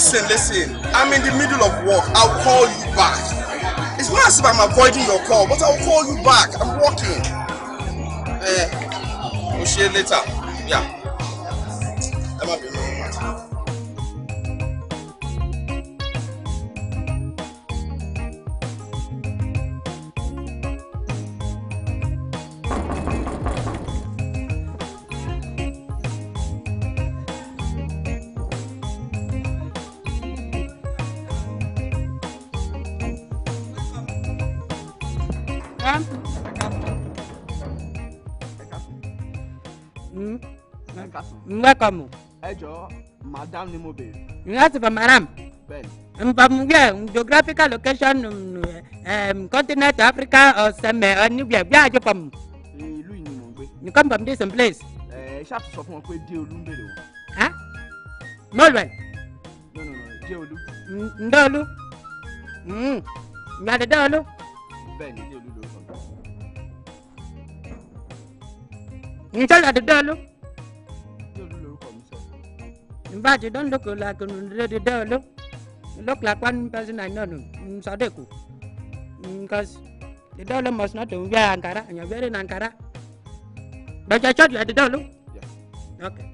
listen, listen. I'm in the middle of work. I'll call you back. It's not as if I'm avoiding your call, but I'll call you back. I'm working. Eh, uh, we'll see you later. welcome. ẹ jọ madam ni mo béèrè. láti for madam. bẹ́ẹ̀ni. from um, where geographical location um, um continent Africa or sẹmẹ or anywhere where are you from. ìlú yìí ni mo ń gbé. you come from this place. ẹ ẹ ṣáà sọ fún wọn pé dé olú ń bèrè wọn. ah mọlúwẹ. no no no dé olú. ǹdọ́ olú. ǹyàdé dé olú. bẹ́ẹ̀ni dé olú ló sọ. ǹjẹ́ ìyàdé dé olú. ba chỉ đón lúc là cần đưa đưa lúc look like one person này nó sao được cụ cause the dollar must not be Ankara and you're very in Ankara but I shot you at the dollar yeah. okay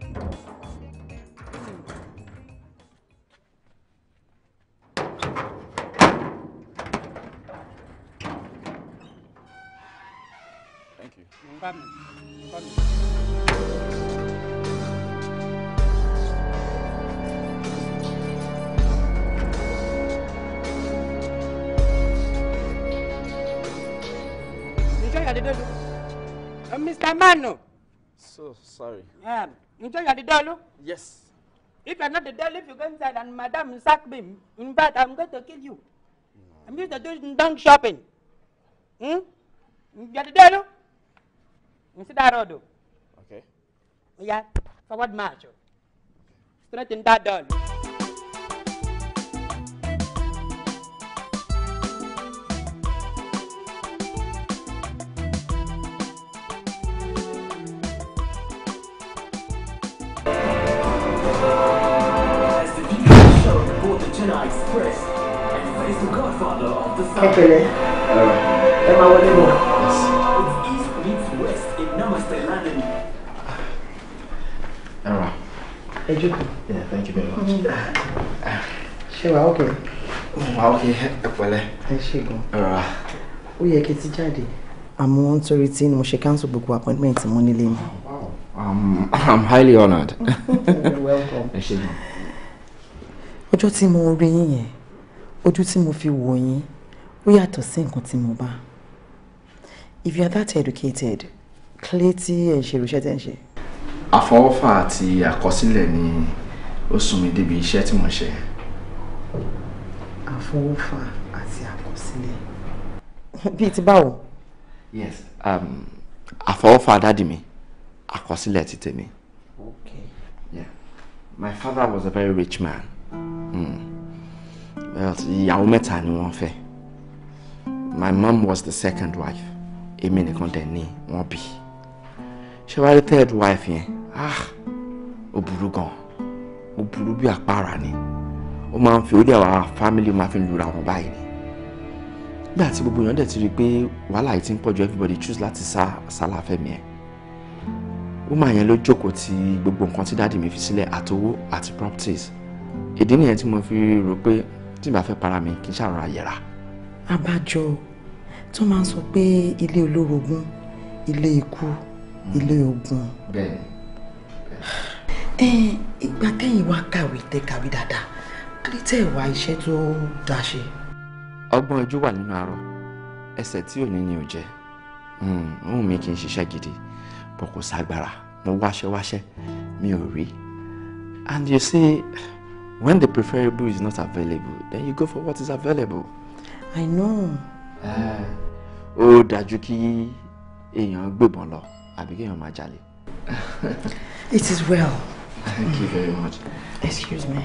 Thank you. No problem. So sorry. Um, you you are the devil? Yes. If you are not the devil, if you go inside and madam sack me, in fact, I'm going to kill you. No. I'm used to doing dunk shopping. Hmm? You are the devil? You see that road? Okay. Yeah, forward march. Straight in that door. ẹ pẹ̀lẹ́ ẹ máa wọlé bọ̀. ẹ jókòó. yeah thank you very much. Mm. ṣé wàá òkè. okay. òkè ẹ pẹ̀lẹ́. ẹ ṣe gan. ó yẹ kí n ti jáde àmọ́ nítorí tí mo ṣe cancel gbogbo appointment mo nílé mi. Um, I'm highly honored. You're welcome. Thank you. mo rí yín yẹn ojú tí mo fi wò yín ó yàtọ̀ sí nǹkan tí mo bá if you are that educated clear tí ẹ̀ ń ṣe irúṣẹ́ tẹ́ ń ṣe. àfọwọ́fà àti àkọsílẹ̀ ni ó sún mi débi iṣẹ́ tí mo ṣe. àfọwọ́fà àti àkọsílẹ̀. bíi ti báwo. yes um, àfọwọ́fà dádì mi àkọsílẹ̀ ti tèmi. okay. yeah. my father was a very rich man. Mm. ìyàwó mẹ́ta ni wọ́n fẹ́ my mom was the second wife èmi nìkan dẹ̀ ni wọ́n bí ṣé wàá rí third wife yẹn ah ó burú gan ó burú bí àpárá ni ó máa ń fi orí àwọn family máa fi lura wọn báyìí ni nígbà tí gbogbo èèyàn dẹ̀ ti rí i pé wàhálà yìí ti ń pọ̀jù everybody choose láti sá sálàfẹ́mi ẹ̀ woman yẹn ló jókòó ti gbogbo nǹkan tí dáàdì mi fi sílẹ̀ àtowó àti properties ìdí nìyẹn tí mo fi rò pé tí n bá fẹ́ para mi kì í ṣàrọ̀ àyẹ̀rà abájọ tó máa ń sọ pé ilé olórogún ilé ikú ilé ogun. bẹ́ẹ̀ bẹ́ẹ̀. ìgbà tẹ́yìn wá kàwé tẹ́ kàwé dáadáa kílí tẹ́ ìwà iṣẹ́ tó dáa ṣe. ọgbọ́n ojú wà nínú arọ ẹsẹ̀ tí ò ní ni ò jẹ́ ohun hmm, mi kì í ṣiṣẹ́ gidi bọ̀ kò ságbára mo wáṣẹ́ wáṣẹ́ mi ò rí and you see when the preferable is not available then you go for what is available. I know. ó dájú kí èèyàn gbébọn lọ àbí kéèyàn máa jalè. It is well. Thank you very much. Excuse me.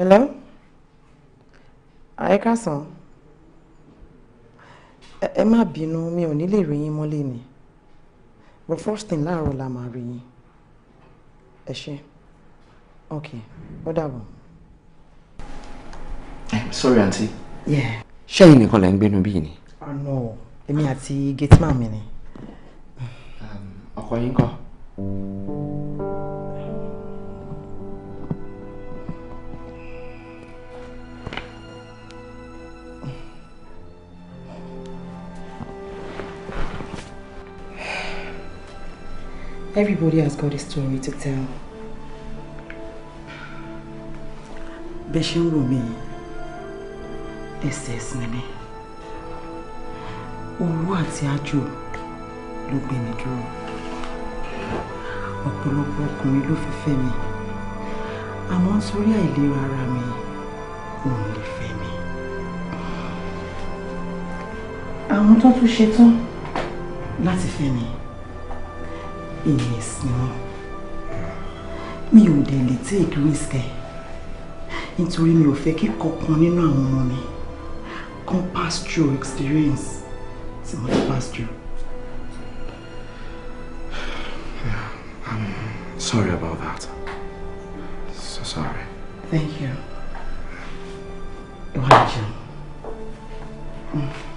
Hello? Ẹ káàsán. Ẹ má bínú, mi ò ní lè mọ́lé ni. But first thing láàárọ̀ la máa rí yín. Ẹ ṣé. Okay, ó dàbọ̀ sorry Auntie. Yeah. aunty. ṣẹ́yìn nìkan lẹ́ ń gbénu bí ni. àná èmi àti get my money. Um. yín kọ́. Everybody has got a story to tell. Bẹ́ẹ̀ ṣe ń ẹsẹ̀ ẹ̀sìn mi òru àti àjò ló gbé mi dúró ọ̀pọ̀lọpọ̀ ọkùnrin ló fi fẹ́ mi àmọ́ nítorí àìlera ara mi òun lè fẹ́ mi àwọn tó tún ṣetán láti fẹ́ mi èyí ẹ̀sìn wọn mi ò dẹ̀ lè take risk nítorí mi ò fẹ́ kí kankan nínú àwọn ọmọ mi can pass through experience tí mo past through. Yeah, I'm sorry about that. So sorry. Thank you. Ìwádìí. Mm.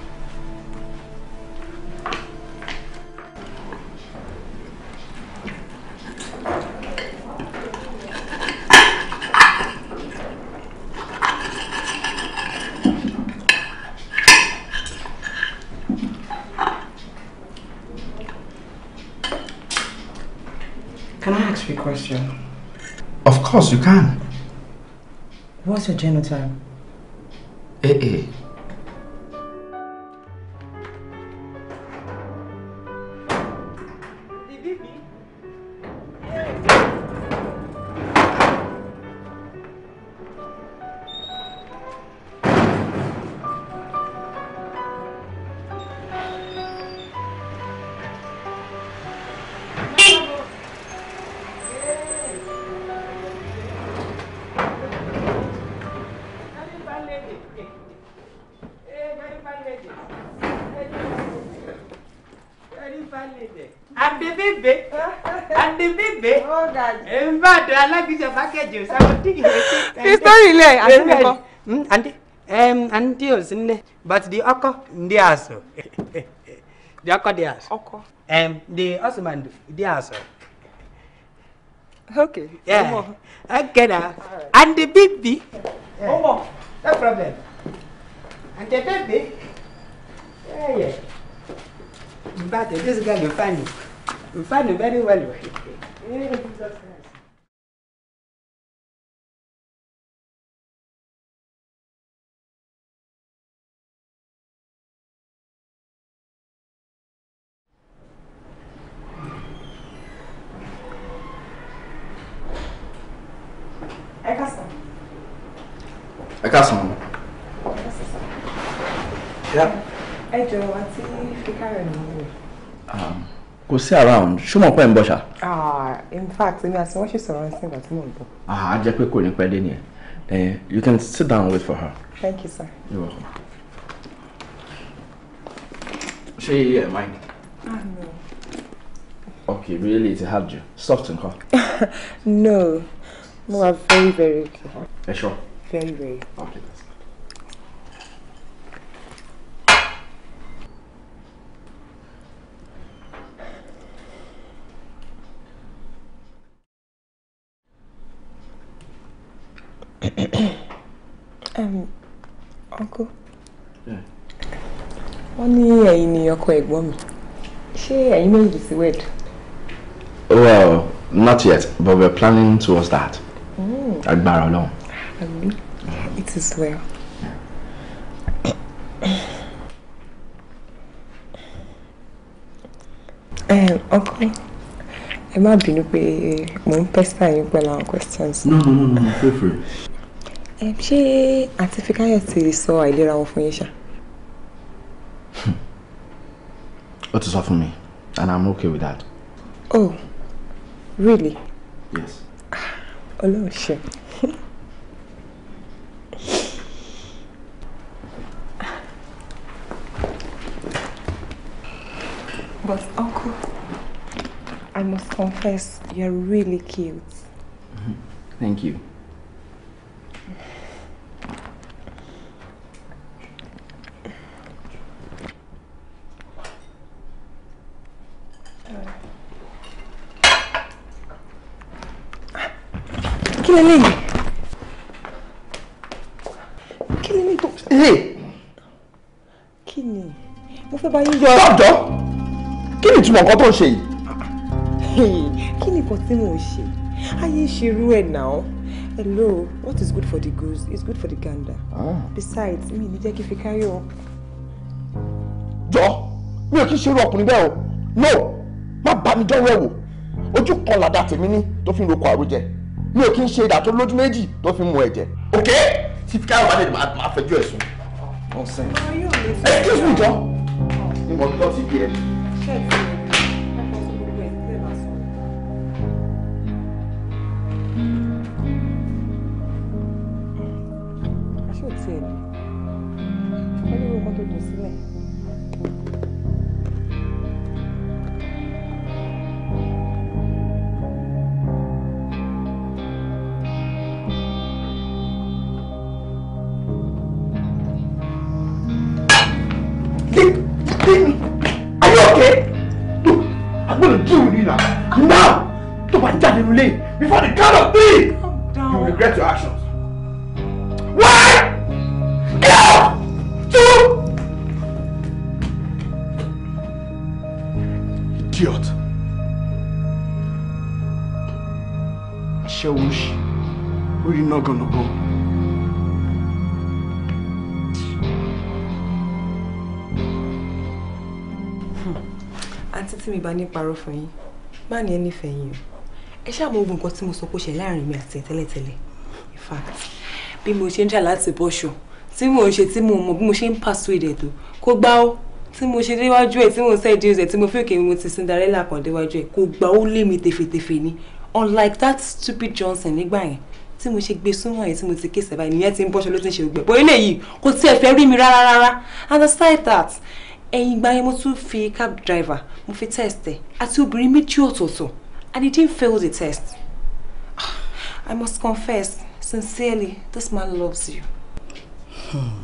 question? Of course you can. What's your genotype? AA. history ilé àdúgbò kọ. um, àǹtí you see, nílé but the ọkọ the asọ the ọkọ dị asọ. ọkọ. the husband dị asọ. okay. Yeah. okay na right. and the baby. Yeah. Oh, no problem. And the baby. Yeah, yeah. But this guy will find you. Will find you very well. Yeah. kásán. ẹ jọ̀rọ̀ wá tí fíkà rẹ̀ ń wò. Ah, kò sí around ṣùgbọ́n pẹ́ ń bọ̀ ṣá. Ah, in fact èmi àti wọ́n ṣì sọ̀rọ̀ ẹ̀sìn ìgbà tí mò ń bọ̀. Ah, a jẹ́ pé kò ní pẹ́ dé nìyẹn you can sit down and wait for her. thank you sir. you're welcome. ṣé iye ẹ̀ máa ń. Okay, really, to have you. Soft and hot. no, no, I'm very, very okay. Are you sure? very, very. Okay, um, uncle. Yeah. wọ́n ní ẹ̀yin ni ọkọ ẹ̀gbọ́n She ṣé ẹ̀yin this sí well not yet but we're planning towards that. Mm. agbára Ọlọ́run. Ami, it is well. ọkùnrin ẹ má bínú be mò ń pẹ́sà yín pẹ̀lú questions. no no no no no, feel free. ẹ she àti Fikáyọ̀ ti sọ àìlera wọn fún yín ṣá. ó is sọ fún mi and i'm okay with that. oh really. yes. Oh no, ṣe. I must confess, you're really cute. Mm-hmm. Thank you. Kí ni léyìí? Kí ni léyìí tó? Kí ni? Mo fẹ́ bá yín yọ. Dọ́dọ̀! Kí ni ìtumọ̀ nǹkan tó ń ṣe yìí? kí ni nǹkan tí mò ń ṣe ayé ìṣerú ẹ̀ náà hello what is good for the goose is good for the gander ah. besides mi ní jẹ́ kí fi kárí ọ. jọ mi ò kí ṣerú ọkùnrin bẹ́ẹ̀ o no má bá mi dánwò ẹ̀ wò ojú kan làdá tèmi ní tó fi ń roko àròjẹ mi ò kí ń ṣe ìdá tó lójú méjì tó fi ń mu ẹ̀jẹ̀ ok tí fi kárí bá lè máa fẹjọ́ ẹ̀ sùn. nonsense excuse me jọ ìmọ̀ tó ti bí ẹ. máa ní parọ́ fún yín má ní ẹni fẹ̀yìn o ẹ ṣáà mọ ogun nǹkan tí mo sọ pé ṣe láàrin mi àti tẹ́lẹ̀tẹ́lẹ̀ in fact bí mo ṣe ń jà láti bọ́ṣọ tí mò ń ṣe tí mo mọ bí mo ṣe ń persuade ẹ̀ tó kó gbá ó tí mo ṣe déwájú ẹ̀ tí mo ṣe ìdí ẹ̀ tí mo fi òkè mo ti Cinderella kan déwájú ẹ̀ kó gbá ó lé mi tefetefe ni unlike that stupid Johnson nígbà yẹn tí mo ṣe gbé súnmọ́ yẹn tí mo ti ké sẹ́bà ìnìyẹn ti ń bọ́ṣọ ló ti ń ṣe gbẹ̀ bọ́ ilé yìí kò tiẹ̀ fẹ́ rí mi rárá rárá and aside that ẹ̀yìn ìgbà yẹn mo tún fi cab driver mo fi test ẹ̀ àti obìnrin méjì ọ̀tọ̀ọ̀tọ̀ and he didn't fail the test ah, I must confess sincerely this man loves you. Hmm.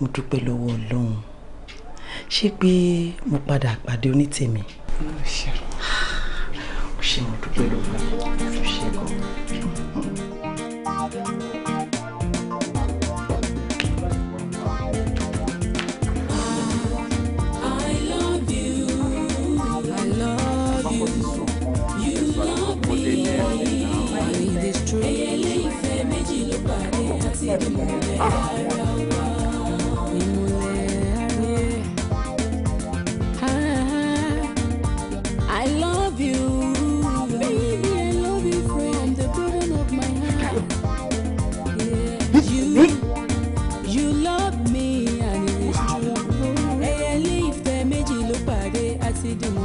mo dúpẹ́ lọ́wọ́ ọlọ́run ṣé pé mo padà pàdé onítèmi. Oh, ah, ó ṣe mo dúpẹ́ lọ́wọ́.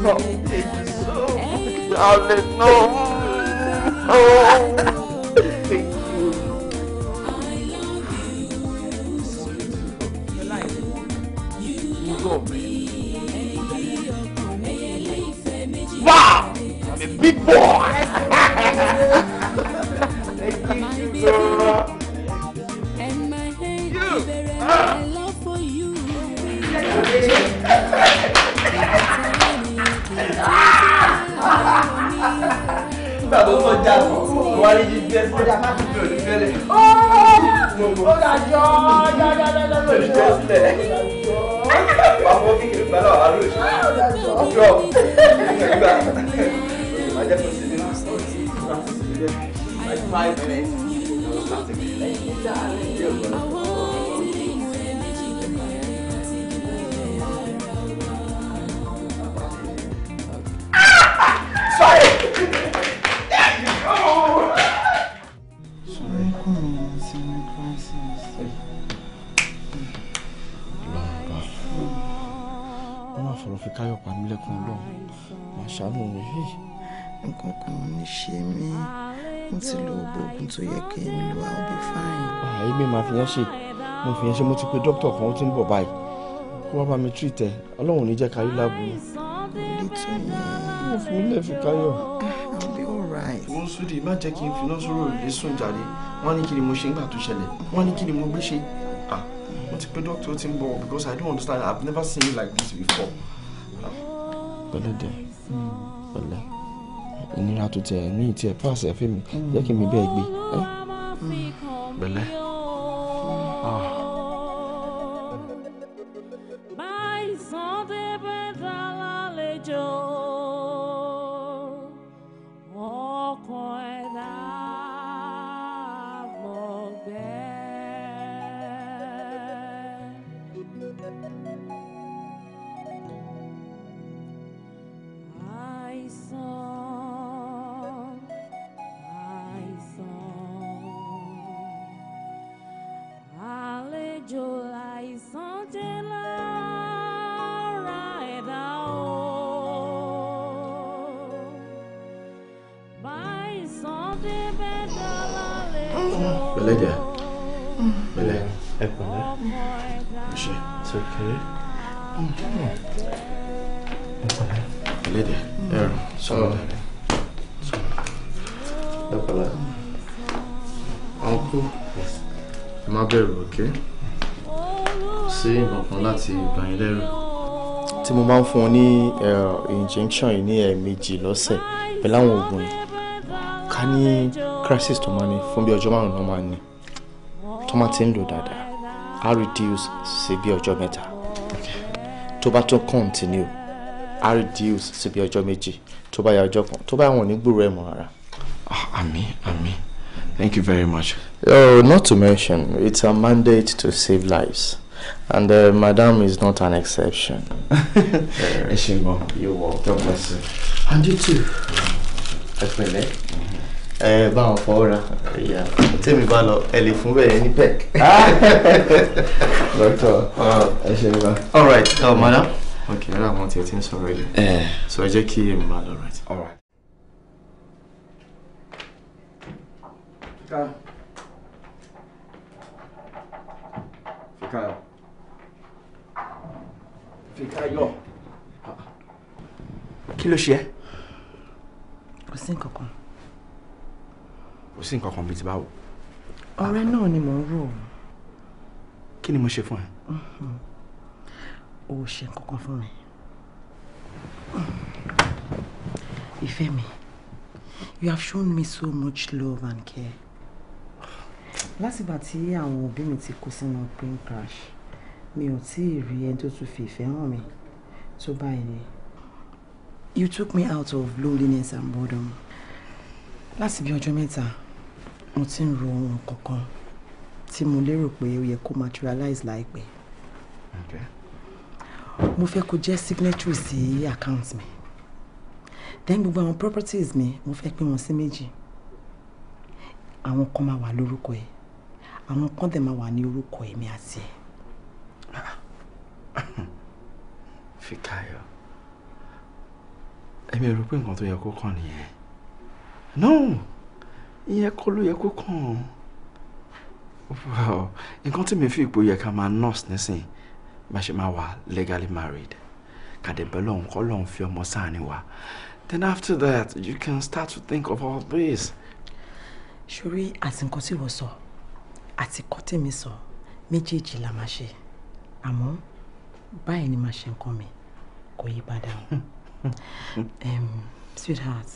No, please. Oh, darling, Oh, thank you. Your life. You go. Wow! I'm a big boy! nígbà tó sọ já tó wà ní jíjí ẹsẹ̀ ọjà má fi bẹ̀rẹ̀ nífẹ̀ẹ́ lẹ̀. ó ga jọ jọ jọ jọ jọ lórí jọ sílẹ̀. pàpọ̀ kékeré pẹ̀lú àwọn arúgbó ṣe jọ nígbà má jẹ́ kó ṣe ní láti ṣe jẹ́ má jẹ́ má jẹ́ fi káyọ̀ pa mí lẹ́kùn ṣàánú mi yìí nǹkan kan ní ṣe mí n ti lo oògùn tó yẹ kí n lo I'll be fine. Ah, èmi máa fi yẹn ṣe mo fi yẹn ṣe mo ti pe dókítà kan ó ti ń bọ̀ báyìí kó wá bá mi treat ẹ ọlọ́run ní jẹ́ kárí láàbùrú. kò lè yẹn. mo fi mí fi káyọ̀. I'll be alright. má jẹ́ kí n finá sọ̀rọ̀ ìlé sùn jàre wọ́n ní kí ni mo ṣe nígbà tó ṣẹlẹ̀ wọ́n ní kí ni mo gbé ṣe. Ah, mo ti pe dókítà ó ti ń bọ̀ because I don't understand I've never seen you like this before pẹ̀lẹ́ dẹ̀ pẹ̀lẹ́ ìnira tó tiẹ̀ ní ìtì ẹ̀ pàṣẹ fún mi jẹ́ kí mi bẹ́ẹ̀ gbé pẹ̀lẹ́. Ah. fún ọ ní injection yìí ní ẹ̀ẹ̀mejì lọ́sẹ̀ pẹ̀lú àwọn oògùn yìí ká ní crisis tó máa ní fún bí ọjọ́ márùn-ún náà máa ní tó máa ti ń lò dáadáa á reduce sí bí ọjọ́ mẹ́ta tó bá tún continue á reduce sí bí ọjọ́ méjì tó bá ya ọjọ́ kan tó bá wọn ò ní gbúròó ẹ̀ mọ́ rárá. Ah, àmín àmín. Thank you very much. Oh, not to mention, it's a mandate to save lives. And uh, Madame is not an exception. uh, You're welcome. God bless you. And you too. Ẹ̀pẹ̀lẹ́. Ẹ bá wọn fọwọ́ ra. Tèmi bá lọ, ẹ lè fún bẹ́ẹ̀ ní pẹ́ẹ̀k. Dọ́kítọ̀, uh, ẹ ṣe wá. All right, uh, madam. Ok, ara àwọn tí ẹ ti ń sọ̀rọ̀ ilé. Eh. So ẹ jẹ́ kí èmi máa lọ right. All right. Fikayo. Fikayo. Fìtáyọ̀. Kí ló ṣe ẹ́? Kò sí nǹkan kan. Kò sí nǹkan kan bíi ti báwo. Ọ̀rẹ́ náà ni mò ń rò. Kí ni mo ṣe fún ẹ? Mm-hmm. O ò ṣe nǹkan kan fún mi. Mm-hmm. Ìfẹ́ mi, you have shown me so much love and care. Látìgbà tí àwọn òbí mi ti kó sínú plane crash mi ò tí ì rí ẹni tó tún fi ìfẹ́ hàn mi tó báyìí ni you took me out of loneliness and boredom láti bí ọjọ́ mẹ́ta mo ti ń ro ohun kankan tí mo lérò pé ó yẹ kó materialize láìpẹ́ mo fẹ́ kó jẹ́ signatory sí account mi then gbogbo àwọn properties mi mo fẹ́ pín wọn sí méjì àwọn kan máa wà lórúkọ ẹ̀ àwọn kan dẹ̀ máa wà ní orúkọ èmi àti ẹ̀ Fikayo èmi rò pé nǹkan tó yẹ kó kàn nìyẹn no ìyẹn kọ́ ló yẹ kó kàn wow nǹkan tí mi fi ipò yẹ ká máa nurse nísìn bá ṣe máa wà legally married kàdébẹ́ lọ́hùn kọ́ lọ́hùn fi ọmọ sáàni wá then after that you can start to think of all this. ṣorí àti nǹkan tí wọ́n sọ àti nǹkan tí mi sọ méjèèjì la máa ṣe àmọ́ báyìí ni màá ṣe nǹkan mi kò yí padà. Sweetheart,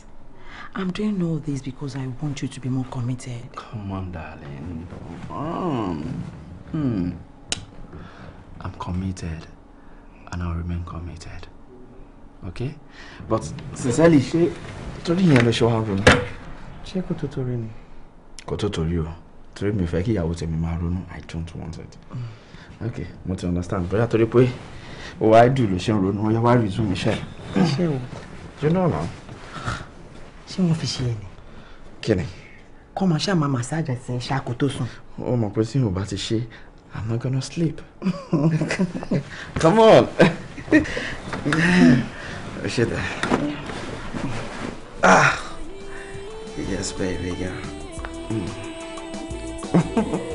I'm doing all this because I want you to be more committed. Come on, darling. Come on. Hmm. I'm committed and I'll remain committed. Okay? But sincerely, ṣé torí ìyẹn ló ṣe wá ronú? Ṣé kò tó torí ni? Kò tó torí o. Torí mi fẹ́ kí ìyàwó tèmi máa ronú. I don't want it. Mm. Okay, mo ti understand. Bóyá torí pé ó wá dùn ló ṣe ń ronú ọyá wá rí zoom iṣẹ́. ṣé o you know now. ṣé wọn fi ṣe ẹ ni. kí ni. kọ́ máa ṣáà máa massage ẹ̀sìn ṣáàkó tó sùn. ó mọ̀ pé tí mo bá ti ṣe I'm not gonna sleep. Come on. Shit. Ah. Yes, baby, yeah. Mm.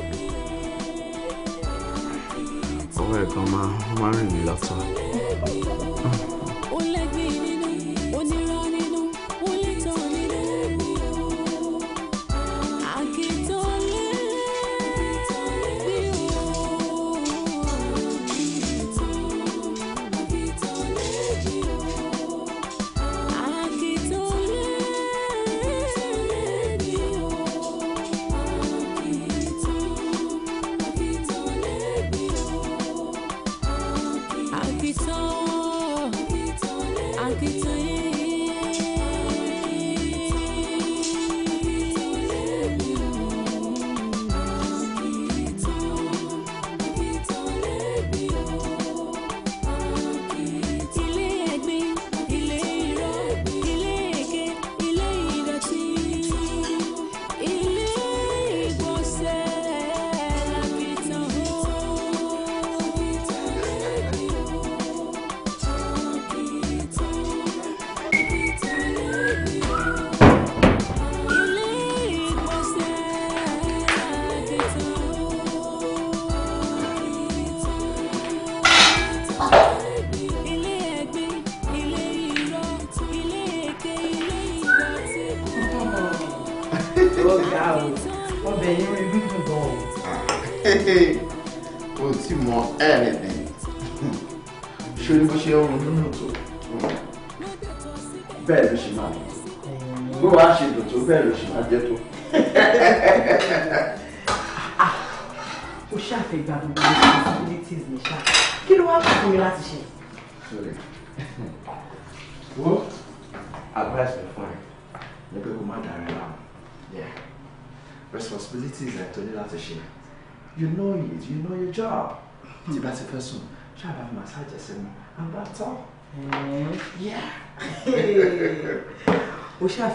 ọwọ́ ẹ̀gbọ́n máa ń rìn mí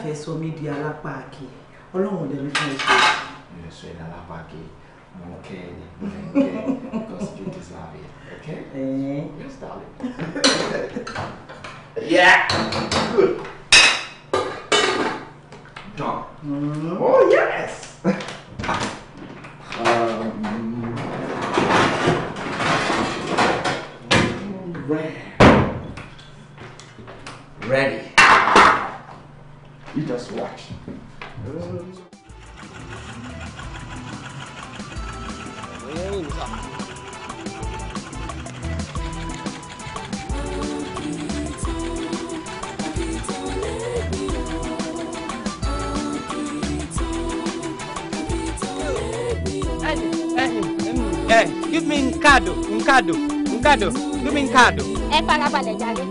fẹ́ sọ mí di alápá àkè ọlọ́run ò lẹ́nu fún ẹ̀ṣẹ̀. mi ò sọ ẹ̀ lálápá àkè mo ń ẹ ní mo ń kẹ́ ẹ because you deserve it okay? yes darling. yeah good.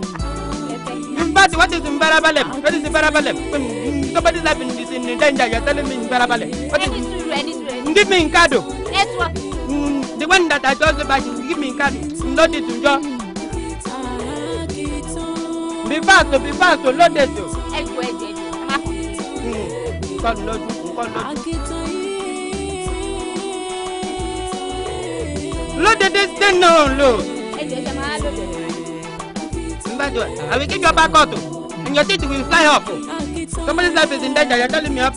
n mm, ba ti wati ti n bɛrɛ balẹ̀ wati ti bɛrɛ balẹ̀ n tɔgɔ ti lafi ti si nin dɛnja ya tali mi n bɛrɛ balẹ̀. ɛni suru ɛni suru. n mi n do. ɛtuwa. digbɛ nin jɔ se ba si mi n do n tun jɔ. bi so bi so lɔ so. ɛtuwa ɛdi ɛdi a ma fɔ. Mm, nkɔ lɔdu nkɔ lɔdu. lódede sẹ́nà lò. ẹ jẹ́ jẹ́ máa lóde. Zimbabwe. I will give you a back auto. And your teeth will fly off. Somebody's life is in danger. You're telling me up.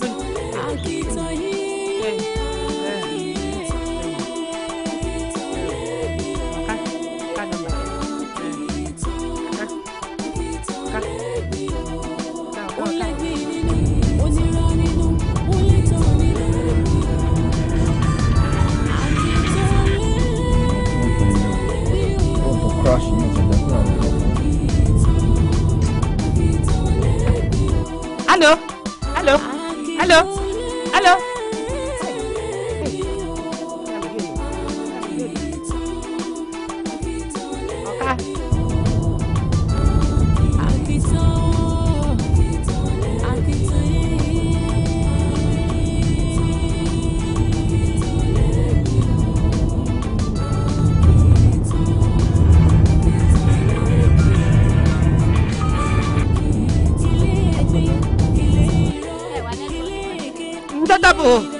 Allô 不。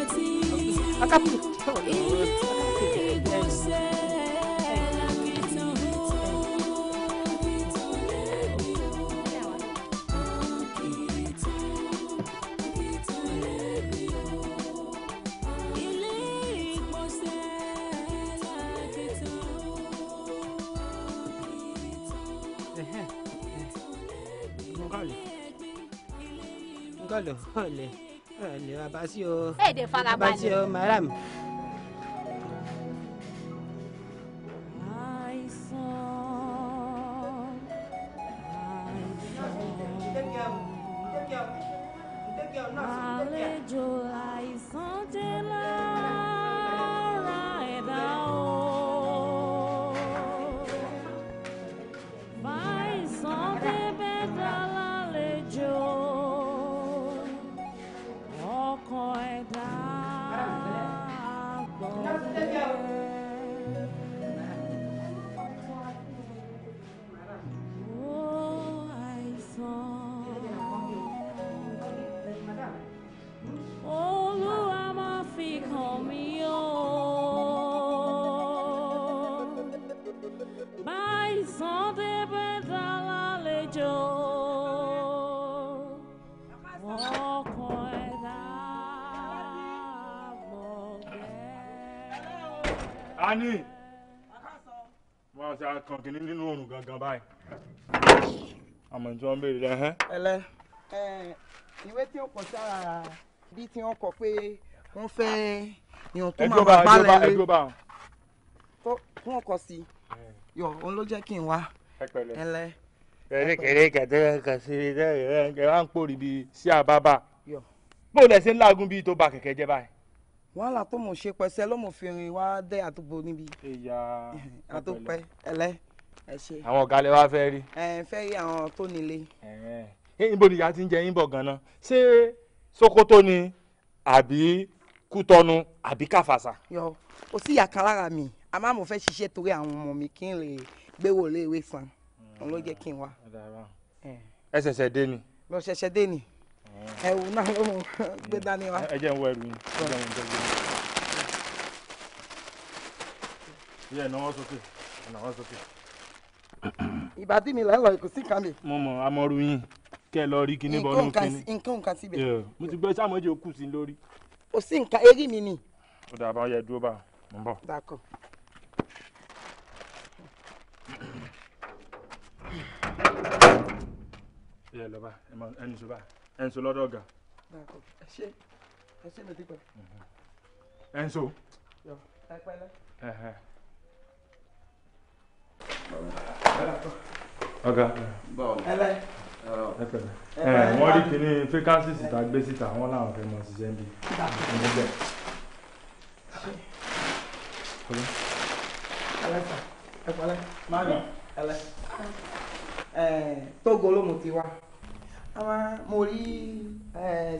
farabalẹ̀. bàtí o madam Tani. Wọ́n á ṣe nínú oòrùn gangan báyìí. Àmọ̀ ìjọ ń béèrè rẹ̀. Ẹlẹ́ ìwé tí ó kọ sára bí tí wọ́n kọ pé wọ́n fẹ́ èèyàn tó máa bá balẹ̀ lé. Tó kọ sí yọ̀ òun ló jẹ́ kí n wá. Ẹlẹ́. Kẹ̀lé kẹ̀lé kẹ̀tẹ́rẹ́ kan sí i kẹ̀lé kẹ̀lé ń pòrí bíi sí àbábà. Bó o lẹ̀ ṣe bíi tó ba kẹ̀kẹ́ jẹ́ báyìí wàhálà tó mò ń ṣe pẹ̀sẹ̀ ló wa fi rìn wá dé àdúgbò níbi. ìyá àtọpẹ ẹlẹ ẹ ṣe. àwọn ọ̀gá lẹ wá fẹ́ rí. ẹ fẹ́ rí àwọn tó nílé. níbo ni ìyá ti ń jẹ yín bọ̀ gan ṣé Sokoto ni àbí Kútọ́nu àbí Káfàṣà. yọ o sí ìyá kan lára mi àmọ́ mo fẹ́ ṣiṣẹ́ torí àwọn ọmọ mi kí n lè gbéwò léèwé san òun ló jẹ́ kí n wá. ẹ ṣẹ̀ṣẹ̀ dé ni. mo ṣẹ̀ṣẹ̀ dé ni ẹ wò náà ló mú gbé dání wa. ẹ jẹ́ ń wọ ẹrù yín ẹ jẹ́ ń wọ ẹrù yín. yẹ ìnáwó sókè ìnáwó sókè. ìbàdí mi lẹ́lọ́ kò sí kan mi. mo mọ amọ̀rù yín kẹ́ ẹ lọ rí kíní bọ́ọ̀lù kíní. nǹkan nǹkan síbẹ̀. mo ti gbé sáà mọ́jọ́ kù sí lórí. kò sí nǹkan eré mi ni. ó dà bá yẹ dúró bá mo ń bọ̀. dàkọ̀. ẹ lọ bá ẹ ní sọ báyìí ẹnso lọ́dọ̀ ọ̀gá. ẹnso. ọ̀gá. wọ́n rí kíní fíkánsì síta gbé síta wọ́n láwọn fẹ́ mọ̀ ṣiṣẹ́ bí. Togo ló mo ti wá mo rí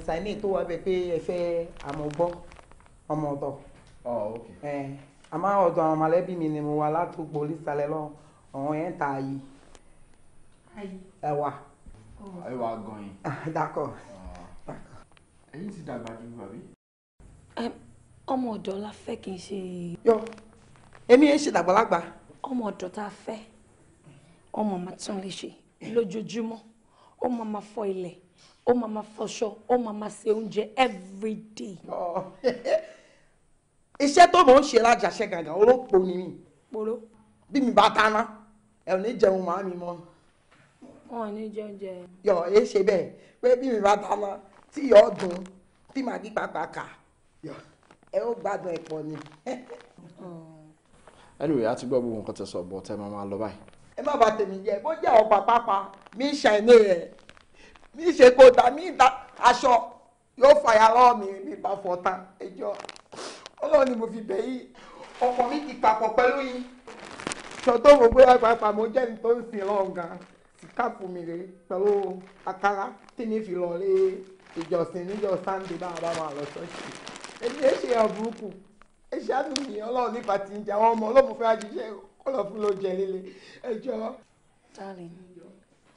sani tó wà bẹ́ẹ̀ pé ẹ fẹ́ àmọ́gbọ́ ọmọ ọ̀dọ̀ ah, àmọ́ ọ̀dọ̀ àwọn mọ̀lẹ́bí mi ni mo wà látòkpọ̀ lísàlẹ̀ lọ ọ̀hún yẹn ta ayi ẹwà. Oh. ẹwà gan yín. Ah, dakọ. Ah. ẹ̀yin ti dàgbà jù bàbí. ọmọ ọ̀dọ̀ la fẹ́ kì í ṣe. yọ èmi yẹn ṣe dàgbàlagbà. ọmọ ọ̀dọ̀ tá a fẹ́ ọmọ màá tún lè ṣe lójoojúmọ́ ó máa ma fọ ilẹ̀ ó máa ma fọṣọ ó máa ma ṣe oúnjẹ every day. iṣẹ́ tó mò ń ṣe lájàṣẹ́ gàngàn olóòpó ni mi. poro. bí mi bá dáná ẹ ò ní jẹun màá mi mọ́. wọn ò ní jẹun jẹ. yọ ẹ ṣe bẹ́ẹ̀ pé bí mi bá dáná tí yọ ọ dùn tí màá gbé pàápàá kà ẹ ó gbádùn ẹ̀pọ̀ ni. anyway a ti gbọ́ gbogbo nǹkan tẹ́ sọ tẹ́ máa máa lọ báyìí ẹ má bà tèmi jẹ́ bó jẹ́ ọ̀pá pápá mi ń ṣàìní rẹ̀ mi ṣe kó ta mi ń aṣọ yóò fàyà lọ́wọ́ mi mi bá fọ́ tán ẹjọ́ ọlọ́run ni mo fi bẹ̀ yìí ọkọ mi ti papọ̀ pẹ̀lú yín sọ tó mo gbé pàápàá mo jẹ́ ní tó ń sin lọ́ọ̀ gan síkáàpù mi rè pẹ̀lú àkàrà tí mi fi lọ lé ìjọsìn níjọ sànńdé bá a bá máa lọ ṣọ́ọ̀ṣì èmi ẹ ṣe ọ̀ burúkú ẹ ṣàánú mi ọlọ́run nípa ti ń jà wọ́n ọmọ ọlọ́run fẹ́ àjíṣẹ́ o darling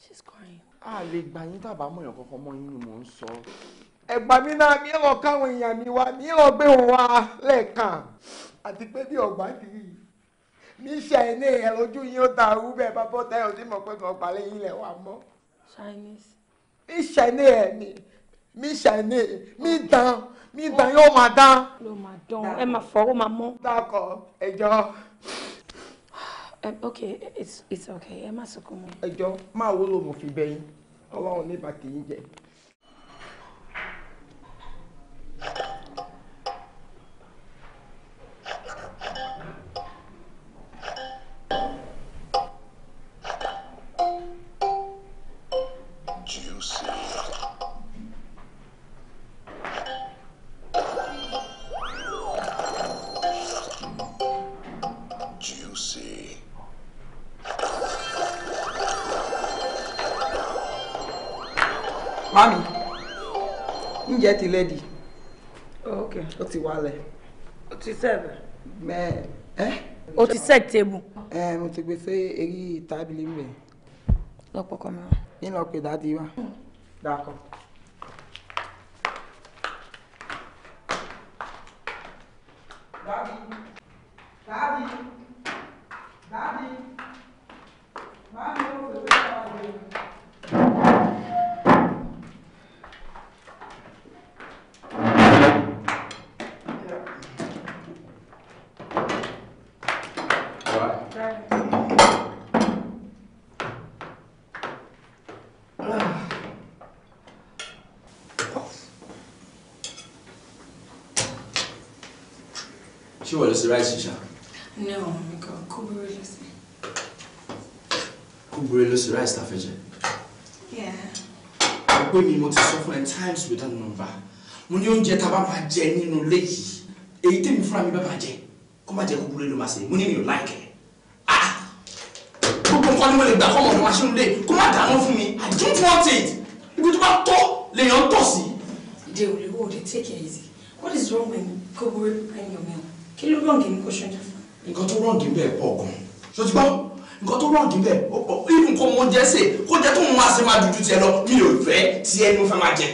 she's crying. Ah, lè gbà yín tàbá mọ̀ èèyàn kankan mọ́ yín ni mò ń mi náà mi lọ káwọn èèyàn mi mi lọ gbé òun wá lẹ́ẹ̀kan àti pé mi ṣe ẹni ẹ lójú yín ó ta arú bẹ́ẹ̀ bá bọ́ táyọ̀ sí mọ̀ pé kàn chinese. mi ṣe ni mi ṣe mi dán mi dán yóò máa dán. yóò máa dán ẹ máa fọ́ ó Um, okay, it's it's okay. Ẹ má sunkún mọ́. Ẹ jọ̀ọ́, máa wo ló mo fi bẹ̀ yín. Ọlọ́run ní bàtí yín serve. mẹ ẹ. o ti set table. ẹ mo ti gbé sí eré tábìlì mi. lọ pọkàn mi. yín lọ pè dáàdi wa. Hmm. dàkọ. ṣé wọ́n lọ sí ráìsì ṣá. no nǹkan kúburú ló sí. kúburú ló sí ráìsì tá a fẹ́ jẹ. pé mi mo ti sọ fún ẹ times without number mo ní oúnjẹ tá a bá máa jẹ nínú ilé yìí èyí tèmi fúnra mi bá máa jẹ kó má jẹ kúburú ló máa ṣe mo ní mi ò láìkẹ́ ah! gbogbo nǹkan ni mo lè gbà fọmọ ọdún wa ṣe kó má dáná fún mi I don't want it ibi tó bá tọ́ lèèyàn tọ̀ sí. ìdè òlè wo dey take it easy what is wrong with kobore and your milk kí ló rọ̀ǹgì ní kò ṣẹjọ́. nǹkan tó rọ̀ǹgì ń bẹ̀ pọ̀ gan ṣó ti gbọ́ nǹkan tó rọ̀ǹgì ń bẹ̀ irú nǹkan mo jẹ́ sè kó jẹ́ tó ń wá sí máa dúdú tiẹ̀ lọ mi ò fẹ́ tí ẹni mo fẹ́ máa jẹ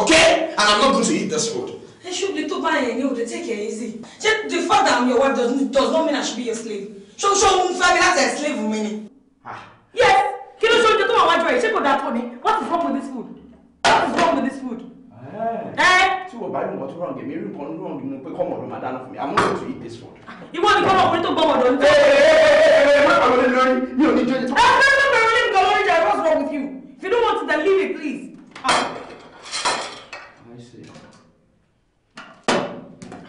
okay and i'm not going to eat this food. ẹ ṣó le tó bá yẹn ni o dey take it easy ṣé the fact that i'm your wife does, does not mean i should be your slave ṣó ṣó ń fẹ́ mi láti ẹ̀ slave mi ni. yes kí ló ṣe oúnjẹ tó wà wájú ẹ̀ ṣé kò dáa tó ni what is wrong with this food what is wrong with this food. Eh? Eh? tí wọ́n bá rí nǹkan tó rán gèmí rí nǹkan rán gèmí pé kọ́mọ̀ ló máa dáná fún mi i'm not going to eat this food. Ah, ìwọ ni kọ́mọ̀ ọkùnrin tó gbọ́ ọ̀dọ́ ní. ẹ ẹ ẹ ẹ má kọ́ lórí lórí mi ò ní jó ní. ẹ ẹ ẹ ẹ ẹ ẹ lórí jẹ what's wrong with you if you don't want to then leave it please. Ah.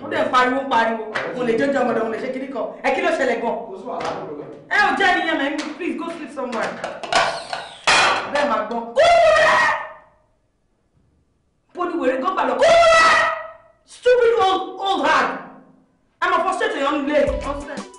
ó dẹ̀ pariwo pariwo mo lè jẹ́jọ́ ọmọdé mo lè ṣe kíní kan ẹ eh, kí ló ṣẹlẹ̀ gan. ẹ ò jẹ́ ìyẹn mẹ́rin please go sleep somewhere. bẹ́ẹ̀ máa gbọ́n bó ni wèrè gán balọ̀ kó stupid old old hag i'm a frustrated young lady.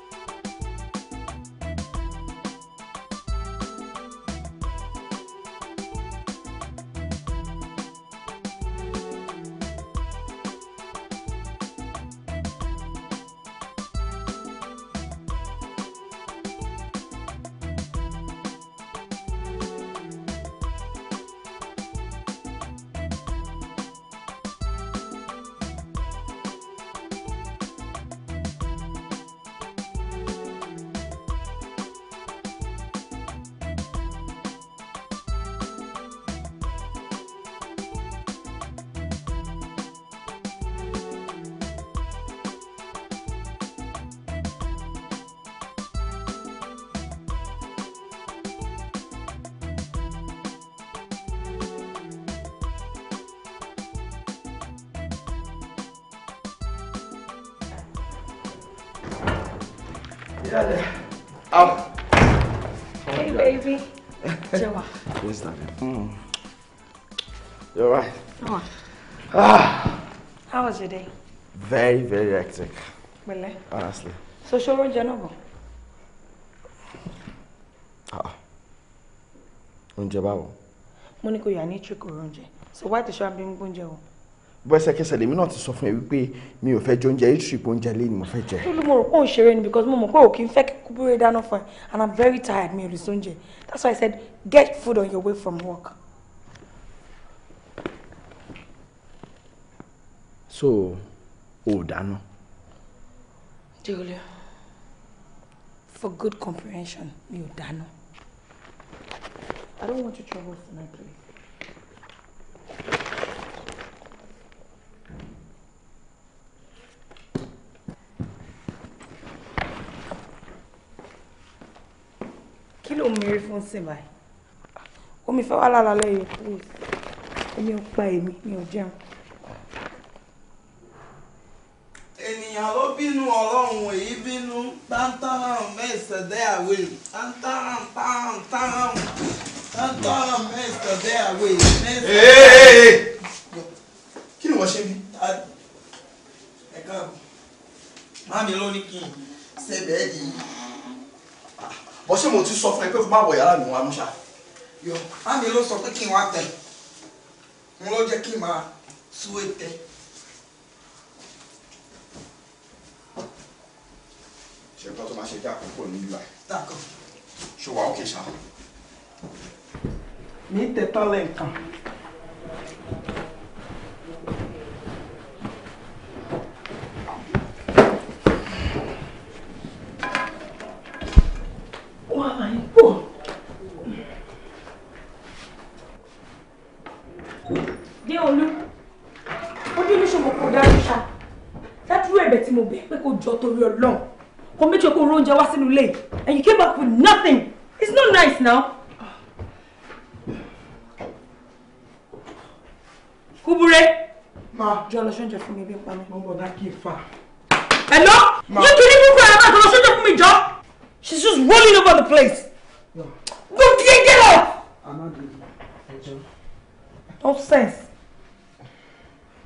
baby. Jewa. yes, darling. Mm. You're right. Oh. Ah. How was your day? Very, very hectic. Really? Honestly. So, Shoro Janobo? Ah. Oúnjẹ báwo? Mo ní kò yà ní trick So, why did you have been oúnjẹ o? bọ́sẹ̀kẹsẹ̀ lèmi náà ti sọ fún ẹ wípé mi ò fẹ́ jẹ oúnjẹ yìí ṣùgbọ́n oúnjẹ lé ni mo fẹ́ jẹ. lórí mo rò pé òun ṣeré ni because mo mọ̀ pé ò kí n fẹ́ kú dáná fún ẹ and i'm very tired mi ò lè sọ oúnjẹ that's why i said get food on your way from work. so o dáná. Julia for good comprehension mi ò dáná. i don't want to trouble tonight, please. ló ń mèrè fún sí báyìí omi fẹ́ wá lálálẹ́ yìí please èmi ò pa èmi mi ò jẹun. ènìyàn ló bínú ọlọ́run èyí bínú tántàràn mẹ́sẹ̀dẹ́ àwẹ̀ tántàràn tántàràn tántàràn mẹ́sẹ̀dẹ́ àwẹ̀ mẹ́sẹ̀dẹ́. kí ni wọ́n ṣe bí. ẹ̀ka máa mi ló ní kí n ṣe bẹ́ẹ̀ bọ́ ṣé mo ti sọ fún ẹ pé fún báwọ̀ yàrá mi wà mọ́ṣá. yọ àmì ló sọ pé kí n wá tẹ n ló jẹ́ kí n máa súwé tẹ. ṣé nǹkan tó máa ṣe jẹ́ àkókò ní ìlú àyè. dàkọ. ṣé wàá òkè ṣá. ní tẹ́tà lẹ́ǹkan. ro oúnjẹ wá sínú ilé and you came back with nothing it's not nice now. kúbúrẹ́. ma jọ lọ sóúnjẹ fún mi bí n pa mi. mo bọ̀ dákì fà. hello yóò kí ni kúkú ẹ̀ máa kọ́ lọ sóúnjẹ fún mi jọ she's just rolling over the place. No. go get get up. i'm not doing it. nonsense.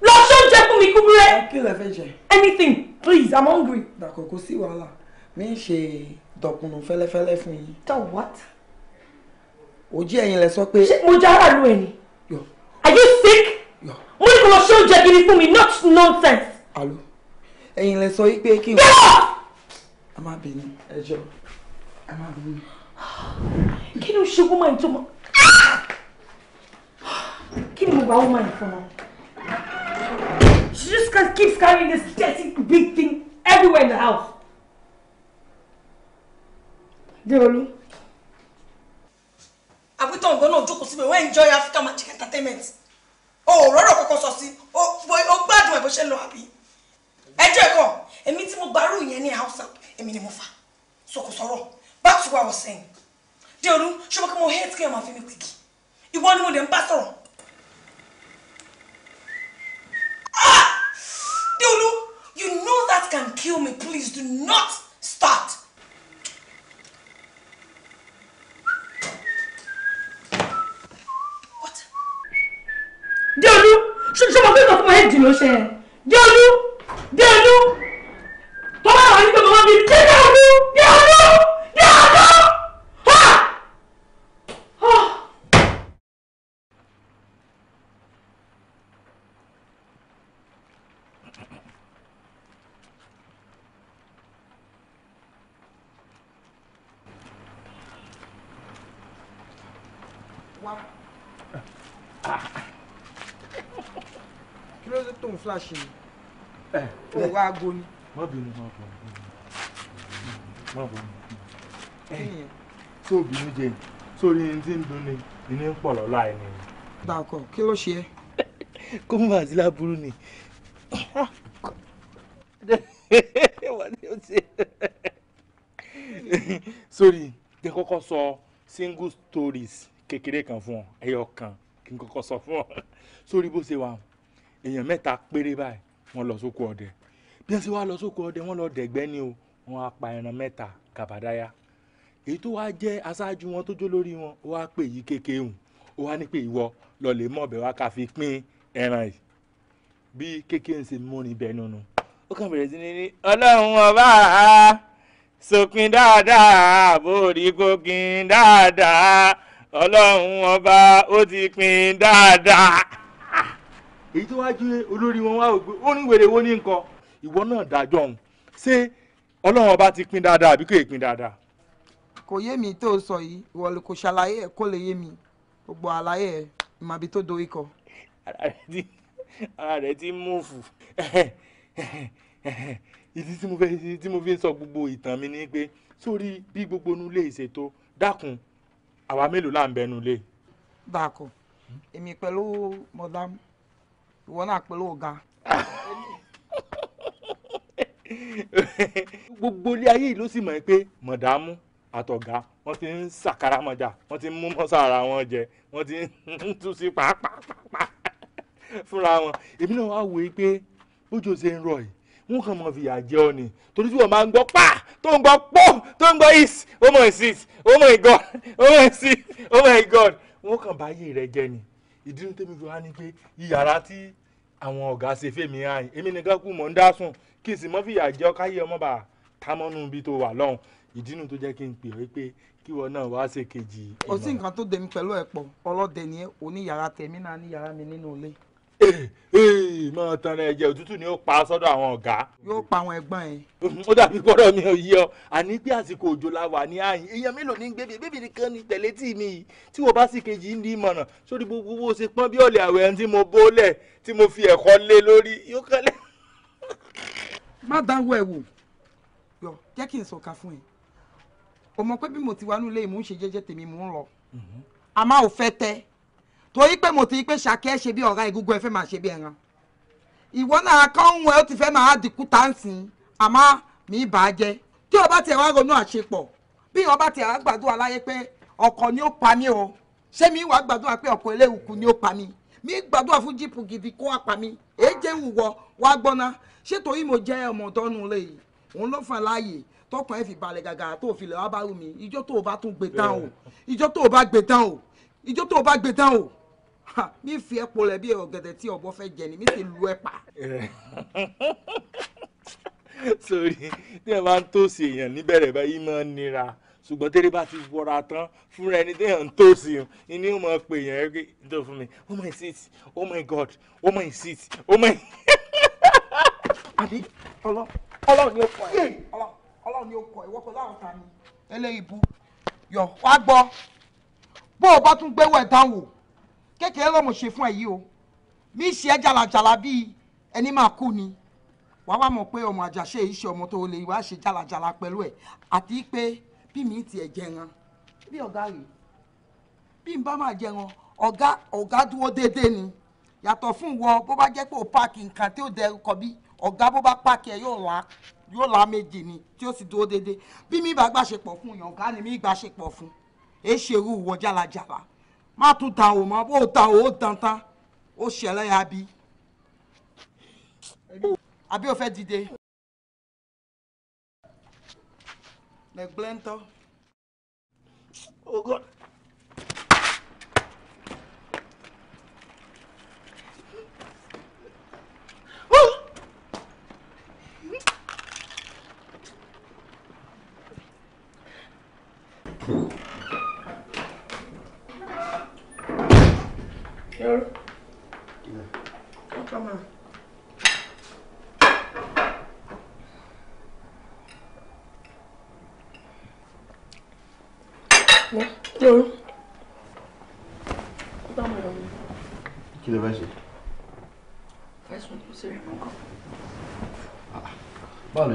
lọ sóúnjẹ fún mi kúbúrẹ́. kí lè anything please i'm hungry. dàkọ̀ kò sí wàhálà mi ń ṣe dọ̀kùnù fẹ́lẹ́fẹ́lẹ́ fún yín. tọ what. ojú ẹ̀yin lẹ sọ pé. ṣé mo jẹ́ aráàlú ẹ̀ ni. yọ. are you sick. yọ. mo ní kó lọ ṣé oúnjẹ gidi fún mi not nonsense. alo ẹ̀yin lẹ sọ pé kí n. get up. a máa bínú ẹ jọ a máa bínú. kí ni o ṣe kó máa ń tó mọ. kí ni mo gba woman fún ọ. she just keeps carrying this dirty big thing everywhere in the house. Déolú. Àbútọ̀ ògbó náà jókòó síbẹ̀ we enjoy Africa Magic Entertainment. Oh, O ò rọ́rọ̀ kọ́kọ́ sọ boy, o gbádùn ẹ̀ bó ṣe ń lọ àbí. Ẹjọ́ ẹ̀kọ́, èmi tí mo gbárù yẹn ní Hausa, èmi ni mo fa. So kò sọ̀rọ̀, back to what I was saying. Déolú, ṣọ́bọ́ kí mo hate kí ẹ̀ máa fi mi pìkì. Ìwọ ni mo dẹ̀ ń bá sọ̀rọ̀. Ah! Déolú, you know that can kill me, please do not start. ló aago ni. má bínú má bínú má bínú. ẹ tó eh, bínú jẹ sórí ẹni tí ń dun ni ìní ń pọ̀ lọ́la ẹni. gbàkọ kí ló ṣe é. kó má àti láburú ni sorry jẹ́ kọ́kọ́ sọ single stories kékeré kan fún ọ ẹyọ kan kí n kọ́kọ́ sọ fún ọ sórí bó ṣe wà èèyàn mẹ́ta péré báyìí wọ́n lọ sóko ọdẹ bí wọ́n ṣe wá lọ sóko ọdẹ wọ́n lọ dẹ̀gbẹ́ ni o wọ́n á pa ẹran mẹ́ta kàbàdáyà èyí tó wá jẹ́ aṣáájú wọn tó jó lórí wọn ó wá pè yí kékeré hùn ó wá ní pé ìwọ lọ lè mọ̀ bẹ́ẹ̀ wá ká fi pín ẹran yìí bí kékeré ń ṣe múrin bẹ́ẹ̀ nínú ó kàn bẹ̀rẹ̀ sí ní ní ọlọ́run ọba sópin dáadáa àbórí kókin dáadáa ọlọ́run ọba ó ti pín dáadáa. èyí tó wá jẹ́ olórí wọn wá ògbé ó ní wèrè wo ní nǹkan ìwọ náà dájọ́ òun ṣé ọlọ́run ọba ti pín dáadáa àbí kò pín dáadáa. kò yé mi tó o sọ yìí ìwọ kò ṣàlàyé ẹ kó lè yé mi gbogbo àlàyé ẹ màbí tó dorí kọ. ara rẹ ti ń múfù ìdí tí mo fi ń sọ gbogbo ìtàn mi ni pé sórí bí gbogbo nulẹ̀ ìṣètò dákun àwa mélòó là ń bẹnu lé. dákun èmi pẹ̀lú mọ̀dám ìwọ náà pẹ̀lú ọ̀gá. gbogbo ilé ayé yìí ló sì mọ̀ ẹ́ pé mọ̀dámú àtọ̀gá wọ́n ti ń sàkárà mọ́jà wọ́n ti ń mú mọ́sára wọn jẹ wọ́n ti ń tú sí pàápàá fúnra wọn èmi náà wá wòye pé bójú ṣe ń rọ yìí wọn kàn mọ fìyà jẹ ọ ni torí tí wọn máa ń gbọ́ pa tó ń gbọ́ pọ tó ń gbọ́ is oh my sis oh my god oh my sis oh my god wọn kàn bá yé rẹ jẹ ni ìdí ní tèmi fi wá ní pé iyàrá tí àwọn ọ̀gá ṣe fèmí àyìn èmi nìkan kú mọ̀ ń dá sùn kí n sì mọ́ fìyà jẹ́ ọ́ káyé ọmọ bàá támọ́nú bí tó wà lọ́hùn ìdínú tó jẹ́ kí n pè ọ́ pé kí wọn náà wá ṣe kejì. kò sí nǹkan tó dẹ̀mí pẹ̀lú ẹ̀pọ̀ ọlọ́dẹ ni ẹ oníyàrá tèmi náà níyàrá mi nínú ilé. Eh, eh, mọ tan rẹ jẹ òtútù ni ó pa sọ́dọ̀ àwọn ọ̀gá. yóò pa àwọn ẹ̀gbọ́n ẹ. ó dàbí kọ́rọ̀ mi ò yí ọ àní pé àsìkò òjò la wà ní àyìn èèyàn mélòó ní gbébí bébí nìkan ni tẹ̀lé tì mí yìí tí wọ́n bá sì kejì ń di ìmọ̀ràn sórí gbogbo bó ṣe pọ́n bí ọ̀lẹ̀ àwẹ̀ tí mo bó lẹ̀ tí mo fi ẹ̀kọ́ lé lórí yóò kọ́lẹ̀ má dánwò ẹ wò. yọ jẹ́ kí n sọ̀ka fún ẹ o mọ̀ pé bí mo ti wà nílé ìmú ń ṣe jẹ́jẹ́ tèmi mò ń lọ àmọ́ mm-hmm. ò fẹ́ tẹ́ torí pé mo ti pé ṣàkẹ́ ṣe bí ọ̀rá egungun ẹ fẹ́ máa ṣe bí ẹran ìwọ náà kàn ń wẹ ó ti fẹ́ máa dínkù táǹsì àmọ́ mi bà á jẹ́ tí o bá tiẹ̀ wá ronú àṣepọ̀ bí o bá tiẹ̀ wá gbàdúrà láyé pé ọkọ ni ó pa mí o ṣé mi wàá gbàdúrà pé ọkọ eléwùkù ni ó pa mí mi gbàdúrà fún jíìpù gidi kó wá pa mí èé jẹ́ ìwọ wá gbọ́ná ṣé torí mo jẹ́ ọmọ tọ́nu lè yìí òun ló fà láàyè tọkàn ẹ fi balẹ̀ gàgà tó fi lè wá bá rú mi ìjọ tó o bá tún gbé tán o ìjọ tó o bá gbé tán o ìjọ tó o bá gbé tán o mi fi ẹ polẹ bí ọ̀gẹ̀dẹ̀ tí ọ̀bọ fẹ́ jẹ ni mi ti lu ẹ pa. sori tí ẹ máa ń tòsí èèyàn níbẹ̀rẹ̀ báyìí máa ń nira ṣùgbọ́n tẹ́lẹ̀ bá ti wọra tán fúnra ẹni tẹ́yàn ń tòsí yẹn ni ó máa pè yẹn ẹ́ tó fún mi oh my seat oh my god oh my seat oh my. àbí ọlọ́run ni ó kọ ẹ ọlọ́run ni ó kọ ìwọ pẹ̀lú àwọn tani. eléyìí bu yọ wá gbọ́ bó o bá tún gbéwò ẹ̀ dáhùn o kékeré lọ́mọ ṣe fún ẹ yìí o mi ṣe ẹ́ jàlàjàlà bíi ẹni máa kú ni wàá wá mọ̀ pé ọmọ àjàṣe yìí ṣe ọmọ tó lè wá ṣe jàlàjàlà pẹ̀lú ẹ̀ àti pé bí mi ti ẹ̀ jẹran bí ọ̀gá rèé bí n bá máa jẹran ọ̀gá ọ̀gá dúró déédéé ni yàtọ̀ fún ìwọ bó bá jẹ́ pé o páàkì nǹkan tí ó dẹrù kọ bí ọ̀gá bó bá pàkí ẹ yóò la méje ni tí ó sì dúró déédéé bí mi bá gbàṣepọ̀ fún yàn ọ̀gá ni mi gbàṣepọ̀ fún èé ṣerú ìwọ jálajàla má tún dàn ò mọ bó dàn ò dantan ó ṣẹlẹ̀ abi àbí o fẹ́ dìde. lẹ́gbẹ́ntọ́. Oh God.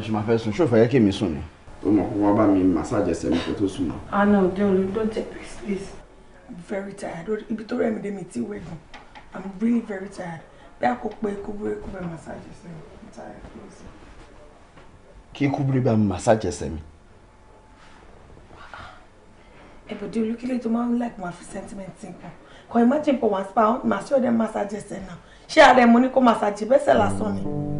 ṣe máa fẹ́ sùn ṣó fẹ́ kí mi sùn ni. tó mọ̀ kó wá bá mi massage ẹsẹ̀ mi kó tó sùn. àná òde olú don't take this please i'm very tired ibi tó rẹ̀ mi dé mi ti wẹ̀ gan i'm really very tired bí a kò pé kúbúrẹ́ kúbúrẹ́ massage ẹsẹ̀ mi i'm tired please. kí kúbúrẹ́ bá mi massage ẹsẹ̀ mi. ẹ̀bùdí olúkílé tó máa ń like my sentiment sí nǹkan kò imagine for one spa máa ṣe ọ̀dẹ̀ massage ẹsẹ̀ náà ṣé ara ẹ̀ mo ní kó massage bẹ́sẹ̀ lásán ni.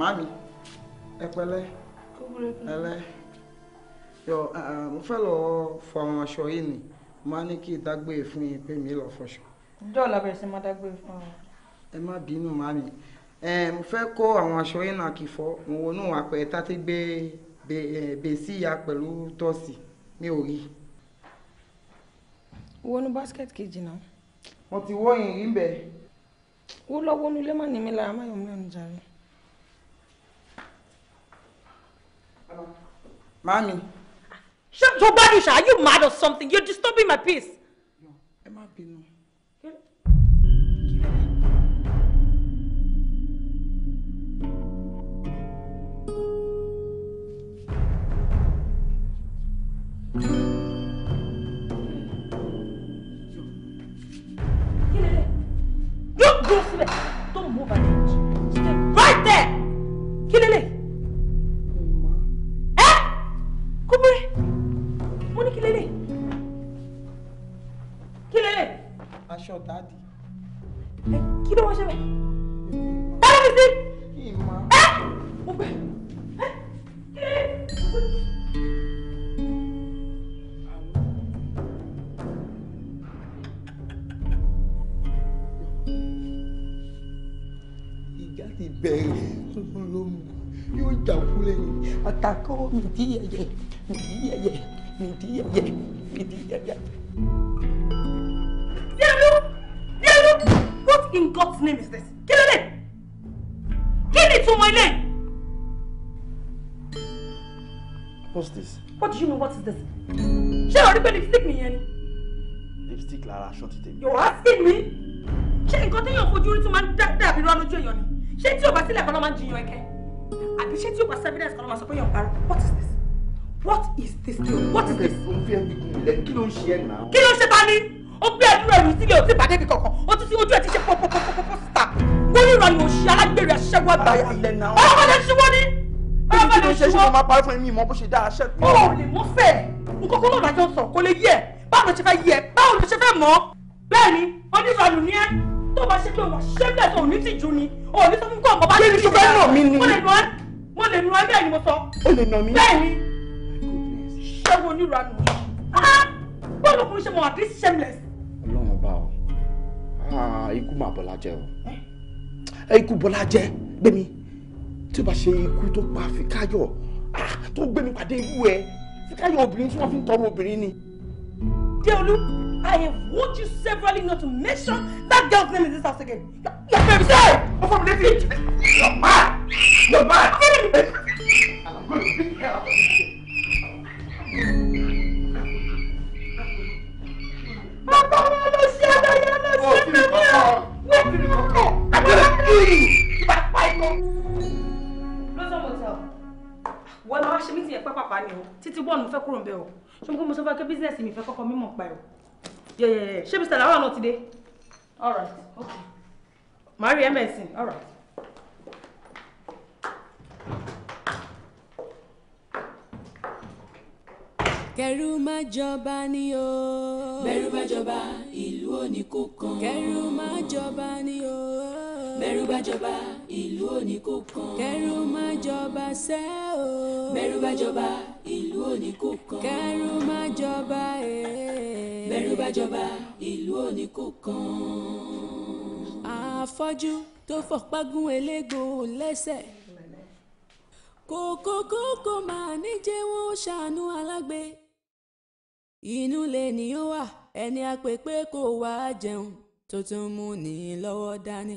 Mami, ẹ pẹ̀lẹ́ ẹlẹ yọ mo fẹ́ lọ fọ àwọn aṣọ yìí ni màá ní kí ìdágbé e fún yín pé mi lọ fọṣọ. ǹjọ́ ọ̀la bẹ̀rẹ̀ sí máa dágbé e fún ọ. ẹ má bínú màámi mo fẹ́ kó àwọn aṣọ yìí náà kì í fọ́ mo wọnú àpẹ tátí gbé bèsì ya pẹ̀lú tọ́sì mi ò rí. wọnú básíkẹ́tì kejì náà. mo ti wọ́ yìnyín bẹ́ẹ̀. wọ́n lọ wọnú ilé mi lára má yọ̀ mí ọ̀nà jàre. Mami. shut so bad, Isha, are you mad or something? You're disturbing my peace. Midiyeye, Midiyeye, Midiyeye, Midiyeye. Diallo! Diallo! What in God's name is this? Kill ló Give it to my ilé? What's this? What do you mean what is this? She already been lipstick me, ni? Lipstick lara, aṣọ ti tèmi. You're asking me? She ain't got Ṣé nǹkan téèyàn fojú rí tún That ń dàbí rán lójú èèyàn ni? Ṣé tí o bá sílẹ̀ kan ló máa ń jiyàn ẹ̀kẹ́? àbí ṣé tí yóò bá sí evidence kan ló máa sọ pé yóò parọ́ what is this what is this thing what is this. o ń fi ẹni kún ilẹ̀ kí ló ń ṣe ẹ̀ náà. kí ló ń ṣe ta ni ó gbé ẹdúró ẹrù sílẹ̀ ò tí bàdé mi kankan ó ti sí ojú ẹ ti ṣe pọpọpọpọpọ síta wọ́n ní ìrọ̀lẹ́ òṣì alágbèrè aṣẹ́wó àgbáyà ọlọ́mọdé ṣíwọ́ ni. kí ni kí ló ń ṣe ṣé mo máa parí fún mi ìmọ̀ bó ṣe dá aṣẹ́. ó lè mú fẹ́ nǹkan kó lọ́ọ̀dájọ́ sọ kó lè yẹ báwo ló ṣe fẹ́ yẹ báwo ló ṣe fẹ́ mọ̀ bẹ́ẹ̀ ni oníranù ni ẹ́ tó bá ṣe pé wà ṣẹ́gbẹ̀ẹ́ tó ní tìjú ni òní sọ fún kọ́ ọ̀gbọ́n bá ṣe ní ìṣẹ́ mo lè nu ẹgbẹ́ ni mo sọ. o lè nà mí. bẹ́ẹ̀ni ṣé wo ní ìranù bọ́ọ̀lù kò ṣe mọ̀ at least shameless. ọlọ́run ọba o ah, ikú máa bọ́lá jẹ o ikú bọ́lá jẹ gbẹmí tí o bá ṣe ikú tó pa Fíkáyọ̀ ah, tó gbẹmí pàdé ikú ẹ Fíkáyọ̀ obìnrin tí wọ́n fi ń tọrọ obìnrin ni. Deolu, I have warned you severally not to mention that girl's name in this house again mi sẹ́ẹ̀. ó fọ́ mi létí. you're mad. you're mad. I'm going to pick her up. Papa, no, no, sí, no, no, no, What? no, no, no. I'm going to kill you. You oh, might fight me. Close on hotel. Wọ́n máa ṣe mítì ẹ̀pẹ́ pàpà ni o, títí bọ́ọ̀lù mo fẹ́ kúrò ń bẹ̀ o. Ṣé mo kó mo sọ fún ẹ pé bísíǹsì mi fẹ́ kọ́kọ́ mímọ̀ pa ẹ̀ o? Yẹ̀yẹ̀ ṣé Mr. Lawal náà ti dé? All right, okay. Mary Emerson, all right. kẹrù má ni o. bẹ́rù bá jọba ìlú òní kú kan. ni o. bẹ́rù bá jọba ìlú òní kú kan. kẹrù o. bẹ́rù bá jọba ìlú òní kú kan. kẹrù má jọba ee. bẹ́rù bá àfọ́jú tó fọpá gún elégbò lẹ́sẹ̀ kòkòkòkò máa níjẹ́ wọn ṣàánú alágbe inú lè níyó wà ẹni àpèpé kò wá jẹun tó tún mú ní lọ́wọ́ dání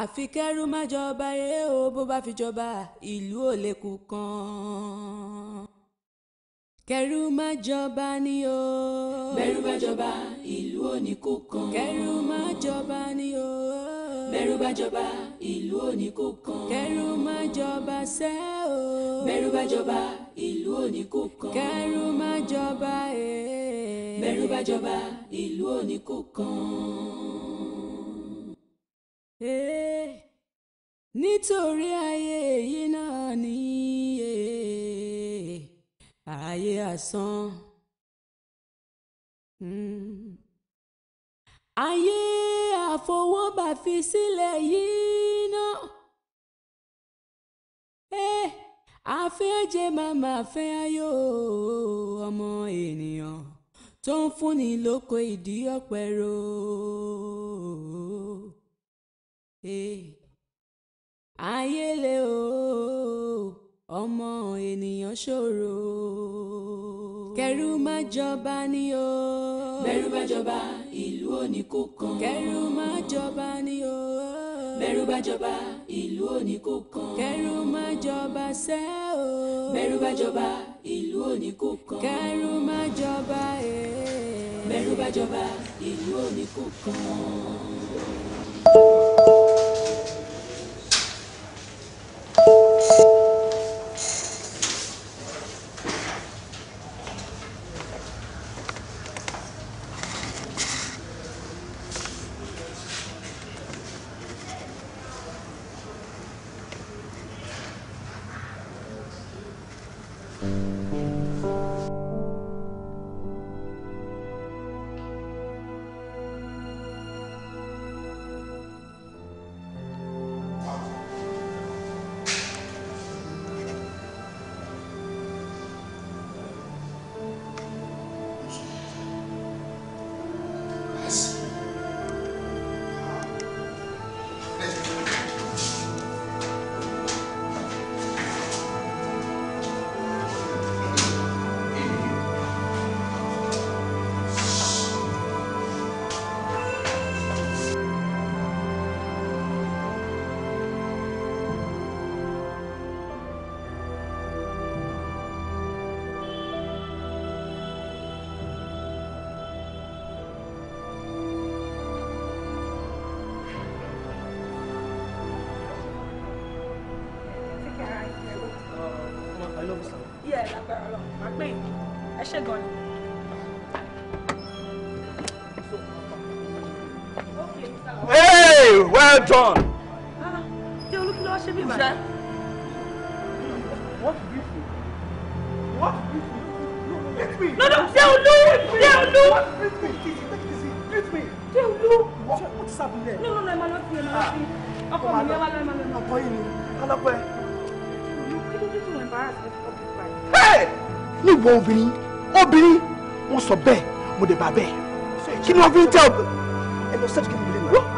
àfi kẹ́rù má jọba yé e o bó bá fi jọba ìlú ò lè kú kan kẹ́rù má jọba ni o. bẹ́rù má jọba ìlú ò ní kú kan. kẹrù má jọba ni o. bẹ̀rù bá jọba ìlú ò ní kú kan. kẹrù má jọba sẹ́ o. bẹ̀rù bá jọba ìlú ò ní kẹrù má jọba ee. bẹ̀rù bá jọba ìlú ò e, nítorí ayé èyí náà ni e. ayé asán. Mm ayé àfọwọ́bà fi sílẹ̀ yìí náà. ẹ àfẹ́jẹ́ màmá fẹ́ ayọ̀ ọmọ ènìyàn tó ń fúnni lóko ìdí ọ̀pẹ ro. ayé le o ọmọ ènìyàn ṣòro. kẹrù má jọba ni o. bẹ̀rù má jọba ìlú òní kú kan. kẹrù má jọba ni o. bẹ̀rù bá jọba ìlú òní kú kan. kẹrù má jọba sẹ́ o. bẹ̀rù bá jọba ìlú òní kan. kẹrù má jọba ee. Eh. bẹ̀rù bá jọba ìlú òní kan. díẹ̀ lágbára lọ máa pè ẹ ṣe gan ni. Hey, well done. Ah, ṣé olúkúlọ́ ṣe bí ìbàdàn? What is it? What is it? Beat me! No, no, Deolu! Deolu! Beat me! Take it easy. Beat me! Deolu! What? What's happening there? No, no, no, I'm not here. I'm not here. Ọkọ mi ni ẹ wá lọ, ẹ má lọ. Ọkọ yìí ni ní ìwọ obìnrin obìnrin wọn sọ bẹ́ẹ̀ mo dé bá bẹ́ẹ̀ kí ni wọn fi ń tẹ ọ.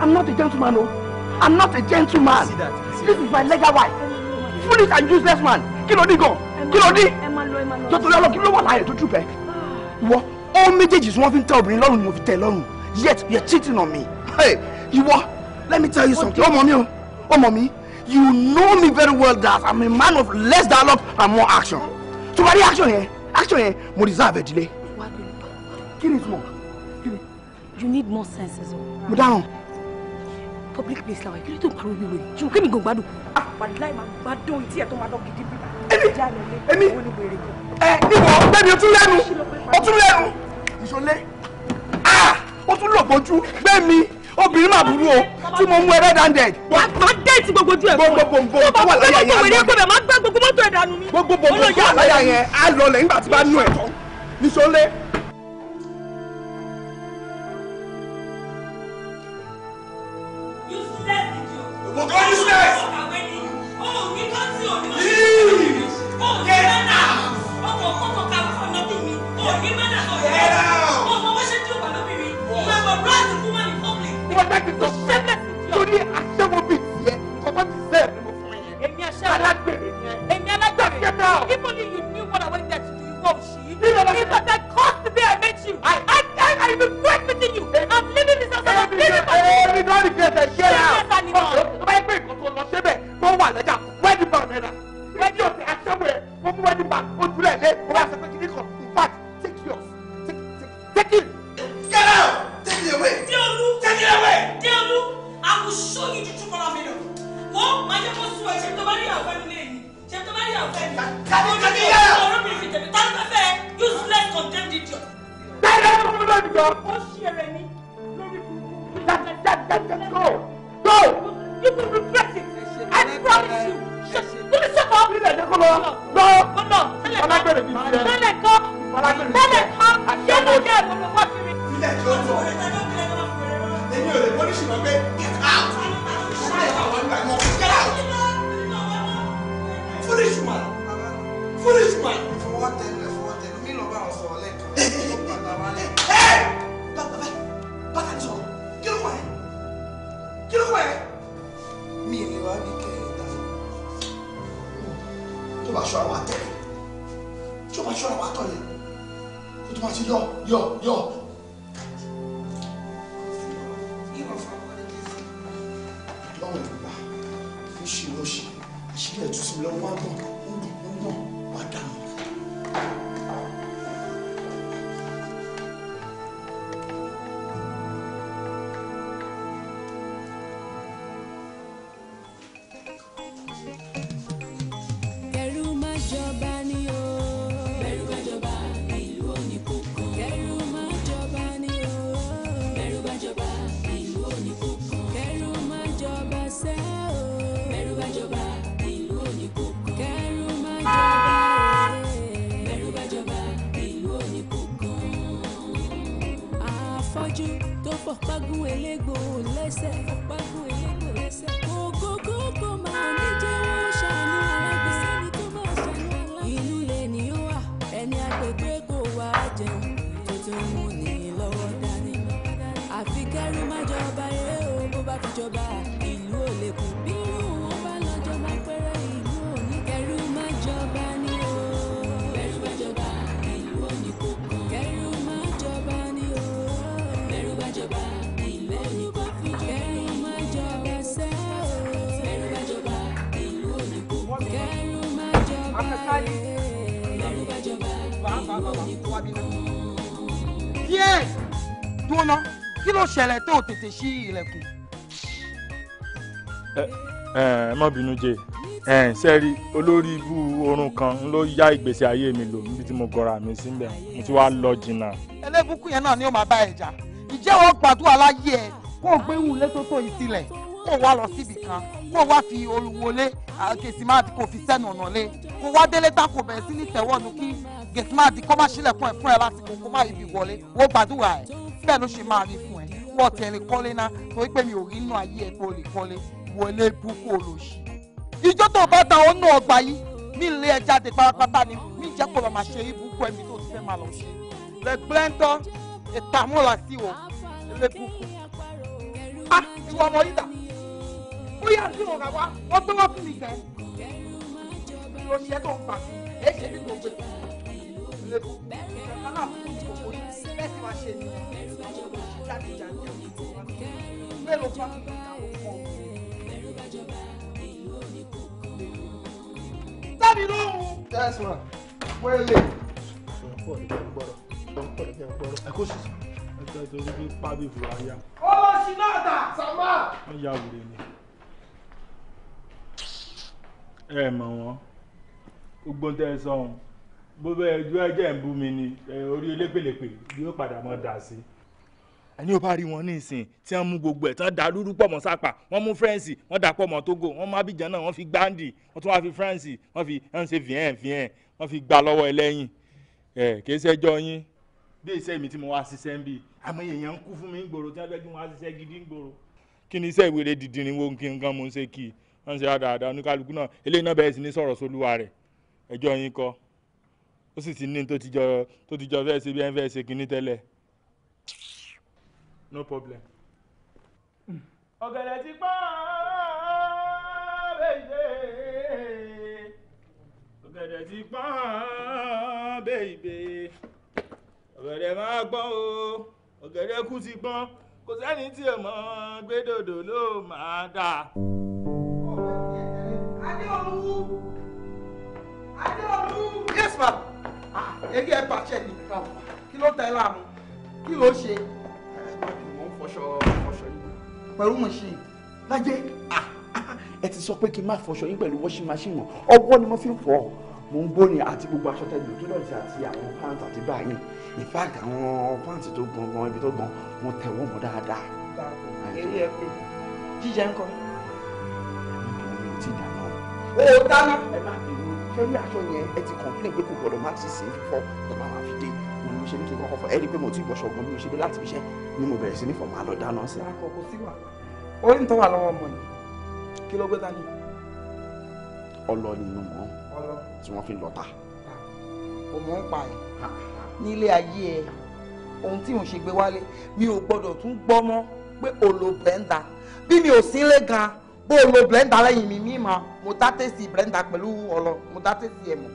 i'm not a gentleman o i'm not a gentleman this is my legal wife foolish and useless man kí ló dé gan kí ló dé jọtọ lọlọ kí ló wà láàyè tó tù bẹ. ìwọ ohun méjèèjì tí wọn fi ń tẹ obìnrin lọ́rùn ni mo fi tẹ lọ́rùn yet you're are cheating on me. Hey, ìwọ let me tell you something ọmọ mi o ọmọ mi you know me very well that i'm a man of less dialogue and more action tó bá rí action yẹn action yẹn mo deserve ẹ̀ dílé. kí ni ìtumọ̀ kí ni. you need more sense as well. mo public place làwọn ìkíni tó ń pariwo ìwé rẹ̀ ṣùgbọ́n kémi gan gbádùn. Ah, wàláì máa gbádùn ìtí ẹ̀ tó máa dán gidi Eh. èmi èmi ẹ you gbẹmí o you. lẹ́nu o You. lẹ́nu ìṣọlẹ ah o tún lọ gbójú gbẹmí obìnrin máa burú o tí mo mú ẹ red handed. máa déètì gbogbo ojú ẹ fún ẹ gbogbo tó wà láyà yẹn á lọ gbogbo gbogbo máa gbá gbogbo mọ́tò ẹ̀ dànù ni. gbogbo gbogbo tó wà láyà yẹn á lọ lẹ́yìn ìgbà tí bá nú ẹ̀ tán níṣó lé ẹ ní lọ́ọ̀rì gẹ̀ẹ́sẹ̀ gé ya tó bá yẹ pé nǹkan lọ síbẹ̀ tó wà lọ́jà wẹ́ẹ̀dì bá ọ̀nà ẹ̀dá wẹ́ẹ̀dì ọ̀sẹ̀ àṣẹ́wẹ̀ mo mú wẹ́ẹ̀dì bá ojúlẹ̀ lé mo wá sọ pé kí kan in fact take yours take take it. get out take it away. deolu take it away. deolu i will show you the true colour of it wọ́n kó sún ẹ̀ ṣe tó bá àwọn ẹni lé ṣe tó bá àwọn ẹni. kàdí kàdí yá. ọ̀rọ̀ mi fi tẹ̀lé tá ló useless condemned idiot. bẹ́ẹ̀ ni ó ṣe rẹ̀ That, that, that, that, go. Go. You will regret it. I promise you. Let me shut up. Nílẹ̀ ẹ̀jẹ̀ kó lọ. Lọ. Lọ. Fọlágbèrè mi sílẹ̀. Tẹ́lẹ̀ kọ́. Fọlágbèrè mi sílẹ̀. Tẹ́lẹ̀ kọ́. Yẹ́nà jẹ́ ìgbòho wá sí mi. Ilé ẹjọ́ sọ. Èmi ò lè bọ́ ní ṣùgbọ́n pé get out. Ṣáyẹ̀ àwọn ìgbà yẹn. Get out. Foolish man. Foolish man. ṣẹlẹ̀ tó tètè ṣí ilẹ̀kùn. ẹ ẹ má bínú jẹ ẹ sẹ́rí olórí ibú oorun kan ló yá ìgbésí ayé mi lò níbi tí mo gọra mi síbẹ̀ mo ti wá lọ jìnnà. ẹlẹ́bùkún yẹn náà ni ó máa bá ẹ jà ìjẹ́ wọn gbàdúrà láyé ẹ kó o gbé wulẹ̀ tó tó ìsílẹ̀ kó o wá lọ síbi kan kó o wá fi olùwọlé gẹ̀sìmáàdì kò fi sẹ́nu ọ̀nà lé kó o wá délé tá bẹ̀rẹ̀ sí ní tẹ̀wọ́nu kí gẹ̀sìmáàdì kó má sílẹ̀kùn ẹ̀ fún ẹ láti kó má ibi wọlé wọ́n gbàdúrà ẹ̀ bẹ́ẹ̀ ló ṣe máa rí fún wọ́ tẹ̀lé kọ́lé náà torí pé mi ò rí inú ayé ẹ̀ kó lè kọ́lé wọlé búkú olóṣì. ìjọ tó bá ta òun náà gbà yìí mí lé ẹ jáde pátápátá ni mí jẹ́ kó lọ́ọ́ máa ṣe ibùkú ẹ̀mí tó ti fẹ́ máa lọ ṣe. lè gbẹ́ńtọ́ ìtààmúlà sí wọ lé búkú. a ah, ìwọ ọmọ yìí dà bóyá sí wọn kà wá tó wá fún mi gan. lọ ṣe tó ń pa ẹ ṣe bí jákèjádé mélòó kan dábì lóhùn. yes ma wẹ́lẹ̀. ẹ kó sísè ẹjọ́ ìjọ ní bí pábí ìfura yá. ó lọ sí náà dà sàmà. wọ́n ya wèrè ni ẹ mọ̀ wọ́n gbogbo tẹ́ ẹ sọ ohun bó bẹ́ẹ̀ ju ẹjẹ́ ń bú mi ni orí elépèlépè yóò padà mọ́ dà sí i ẹni ò bá rí wọn ní ìsìn tí wọ́n mú gbogbo ẹ̀ tán dà lúrú pọ̀ mọ́ sápà wọ́n mú fẹ́ǹsì wọ́n dà pọ̀ mọ́ tógò wọ́n mú abidjan náà wọ́n fi gbáǹdì wọ́n tún wá fi fẹ́ǹsì wọ́n fi ẹn ṣe fìhẹ́n fìhẹ́n wọ́n fi gbà lọ́wọ́ ẹlẹ́yìn ẹ̀ kìí ṣẹjọ́ yín bí iṣẹ́ mi tí mo wá ṣiṣẹ́ ń bì àmọ́ èèyàn ń kú fún mi ńgboro tí wọ́n fẹ́ kí wọ́n wá ṣiṣẹ́ gidi ńgboro kí ni iṣẹ́ ìwéré dìdìrín wo kí nǹkan mo ń ṣe kí i wọ́n ń ṣe dáadáa oníkálukú náà eléyìí náà bẹ̀rẹ̀ sí ní sọ̀rọ̀ sólúwa rẹ̀ ẹjọ́ yín kọ́ ó sì ti ní tó ti jọ tó ti ṣe bí ẹ ń fẹ́ ṣe kinní tẹ́lẹ̀ no problem. ọ̀gẹ̀dẹ̀ ti pọ́n bèbè ọ̀gẹ̀dẹ̀ ti pọ́n bèbè ọ̀gẹ̀dẹ̀ máa gbọ́n o ọ̀gẹ̀dẹ̀ kú ti gbọ́n kò sẹ́ni tí ò gbẹ́dọ̀dọ̀ ló máa dà. adéolú adéolú. yes ma ah ege ẹ pàṣẹ ni kí ló tẹ ẹ láàmú kí ló ṣe pẹ̀lú machine lájẹ́ ẹ ti sọ pé kí n má fọṣọ yín pẹ̀lú washing machine mọ́ ọwọ́ ni mo fi ń fọ mo ń bóni àti gbogbo aṣọ tẹ̀lé tó dọ̀tí àti àwọn pant àti báyìí in fact àwọn pant tó gan gan ibi tó gan mo tẹ̀ wọ́n mọ́ dáadáa. eré ẹ pé jíjẹ ń kọ. mi ò tí ì dáná. o dáná. ẹ má bínú ṣé ní aṣọ yẹn ẹ ti complain pé kò gbọdọ̀ má ti sè é fífọ́ tó bá wà fi ṣe ní kí n kọ́kọ́ fọ ẹ rí i pé mo ti gbọ́ṣọ gan bí mo ṣe dé láti fi ṣe ni mo bẹ̀rẹ̀ sí ní fọ̀ máa lọ dáná sí. àkọ́kọ́ sí wa orí ń tọ́ wà lọ́wọ́ ọmọ yìí kí ló gbé dání. ọlọ ni inú mọ tí wọn fi ń lọta. òmò ń pa ẹ ní ilé ayé ẹ ohun tí mò ṣe gbé wálé mi ò gbọ́dọ̀ tún gbọ́ mọ́ pé òlò blender bí mi ò sí ilé gan bó òlò blender lẹ́yìn mi mímọ mo dá tẹsí blender pẹ̀lú ọlọ mo dá tẹsí ẹ mọ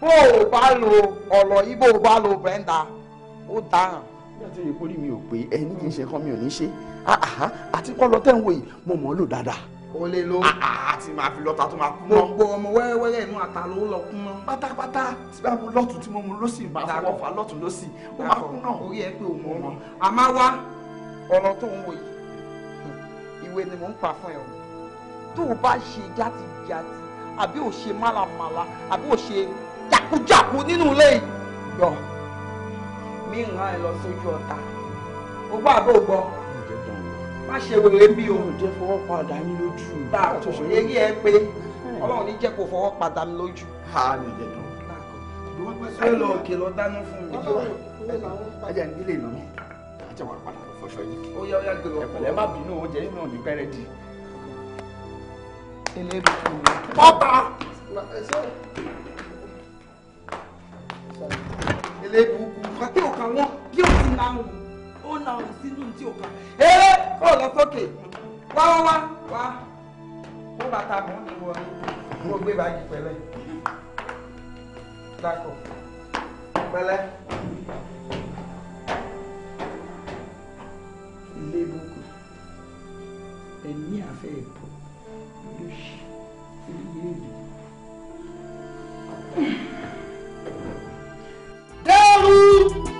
bó o bá lo ọ̀rọ̀ yìí bó o bá lo brenda ó dáhùn. nígbà tí ìpórí mi ò pé ẹni kì í ṣe kan mi ò ní ṣe ah, ah, ah, àti kọ́ lọ tẹ́wọ̀n yìí mo mọ̀ ọ́ lò dáadáa. o lè lo àti màá fi lọ́ta tó máa kú mọ́. gbogbo ọmọ wẹ́rẹ́wẹ́rẹ́ inú àta ló lọ kú mọ́. pátápátá tí bá mu lọ́tún tí mo mu lọ́sì bá fọwọ́ fà lọ́tún lọ́sì ó máa kú náà. orí ẹ pé o mọ̀ ọ́ a máa wá ọ̀rọ̀ tó ń wò yìí ìwé ni mò ń pa fún ẹ o tó o bá ṣe játijáti àbí ò ṣe málàmálà àbí ò ṣe jákujáku nínú ilé yọ mí ràn ẹ lọ sójú ọ̀tá ó gbọ́ àbó má ṣe wèrè bí o. mo fọwọ́ padà yín lójú. tá a kò eré ẹ pé ọlọ́run ní jẹ́ kó fọwọ́ padà mi lójú. ha mi jẹ dán. ṣé lọ òkè lọ dáná fún mi. ajá ń dílé lọ ajá wà padà lọ fọṣọ yìí. ó yá ó yá gbé lọ. ẹ̀pẹ̀lẹ́ má bínú oúnjẹ yìí náà ní pẹ́rẹ́dì. eléyìí fún ilé burúkú nǹkan tí òkà wọn bí ó ti náà hùn ó náà hùn sínú tí òkà eré kó lọ sókè wá wá wá wá kó bàtà mọ́ mi wọlé mo gbé báyìí pẹ̀lẹ́ dákọ̀ pẹ̀lẹ́ ilé burúkú ẹ̀mí àfẹ́ ẹ̀kọ́ lóṣì ilé yìí lọ́rùn.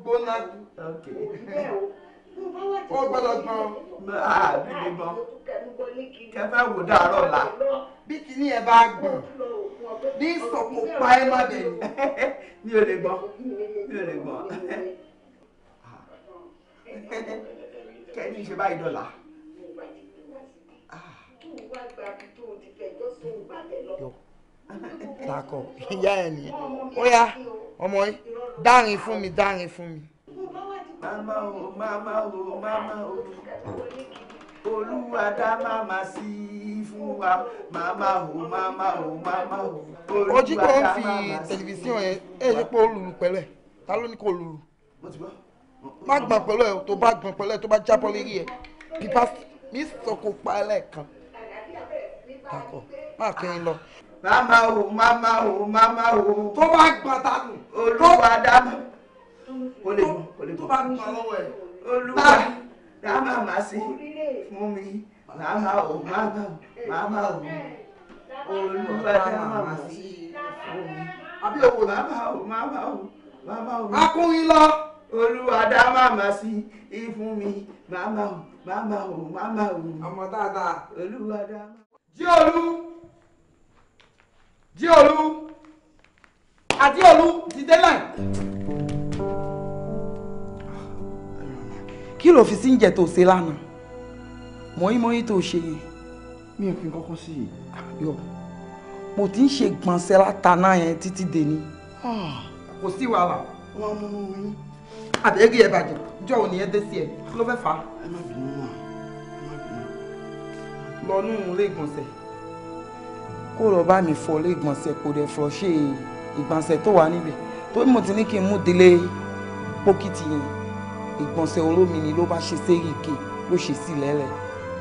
gbóná jù. ó gbọ́dọ̀ gbọ́n. àbí ah, mi gbọ́n kẹfẹ́ wò dàárọ̀ la. bí kinní ẹ bá gbọ̀n ní ìsọ̀kò pa ẹ má bẹ̀ ni. ò lè gbọ́n mi ò lè gbọ́n. kẹ́ni ṣe báyìí dọ̀la yọ Dàkọ̀ ìyá ẹ̀ Oya, Ó yá ọmọ yìí dárin fún mi dárin fún mi. Màmá o màmá o màmá o Olúwa dá mama sí fún wa màmá o màmá o màmá o. Ojú kò ń fi tẹlifíṣàn yẹn ẹ̀ ṣe pé ó lùlù pẹ̀lú ẹ̀ ta ló ní kó lùlù. Má gbọ̀n pẹ̀lú ẹ̀ tó bá gbọ̀n pẹ̀lú ẹ̀ tó bá jábọ́ lérí ẹ̀ pípa mi sọ kó pa ẹ̀ lẹ́ẹ̀kan. má kẹ́yìn lọ máma wò máma O máma wò. tó bá gbọ́ta nù. olúwa dáná kò lè mú kò lè mú. tó bá gbọ́ lọ́wọ́ ẹ̀. olúwa dáná màá sí fún mi máma wò máma wò máma wò olúwa dáná màá sí fún mi. àbí òwò máma wò máma wò máma wò. lọ. olúwa dá màmá sí ìfún mi máma wò máma wò máma wò. ọmọ dáadáa. olúwa dá. jí olú jíolú àti olú dìde náà. kí ló fi sí ń jẹ tó ṣe lánàá mọ́ínmọ́ín tó ṣe yẹn. mi ò fi kọ́kọ́ sí i. yọ mo ti ń ṣe gbọ̀nsẹ̀ látàná yẹn títí dèní. Ah. kò sí wàhálà. wọn mú un yín. àbẹ́gì ẹ̀ bàjẹ́ jọ òní ẹ̀ dé sí ẹ̀ ló fẹ́ fà á. ẹ má bínú mọ́ ẹ má bínú. lọ nù un ìgbọ̀nsẹ̀ kó lọ bá mi fọ ilé ìgbọ̀nsẹ̀ kó dẹ̀ fọ ṣe ìgbọ̀nsẹ̀ tó wà níbẹ̀ tó mọ̀ tí ní kí n mú délé pókìtì yẹn ìgbọ̀nsẹ̀ olómi ni ló bá ṣe sérí ike ló ṣe sí lẹ́lẹ̀.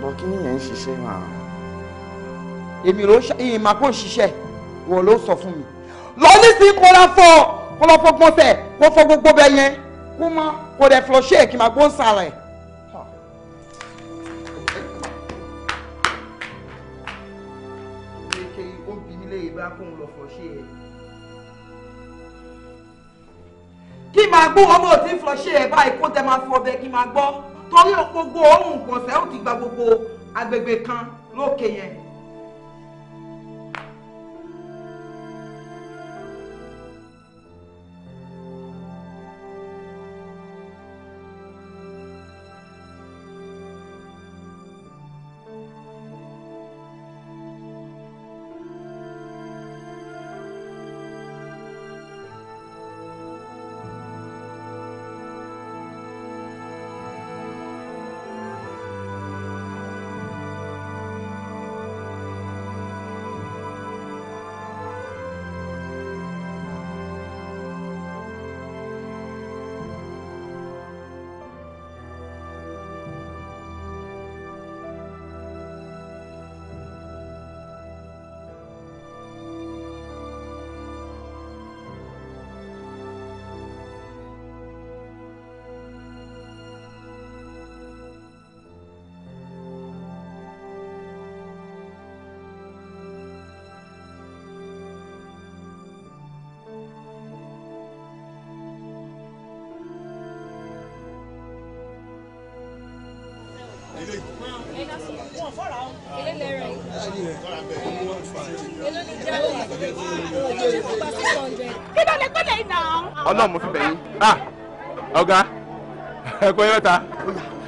bọ kí nìyẹn ń ṣiṣẹ́ màá. èmi ló ṣe ìyìn máa kó ṣiṣẹ́ wọ ló sọ fún mi lọ nísìnyí kó lọ fọ kó lọ fọ gbọ̀nsẹ̀ kó fọ gbogbo bẹ yẹn kó mọ kó dẹ̀ fọ kí n máa gbó kí máa gbọ́ ọmọ ò tí ń flọ́ṣẹ́ ẹ̀ báyìí kó tẹ máa fọ ọbẹ̀ kí máa gbọ́ torí gbogbo ohun kọ̀ọ̀sẹ̀ ó ti gba gbogbo agbègbè kan lókè yẹn kí ló lè gbélé iná. ọlọ́run mo fi bẹ̀ yín ah, ọ̀gá ẹ̀kọ́ yóò ta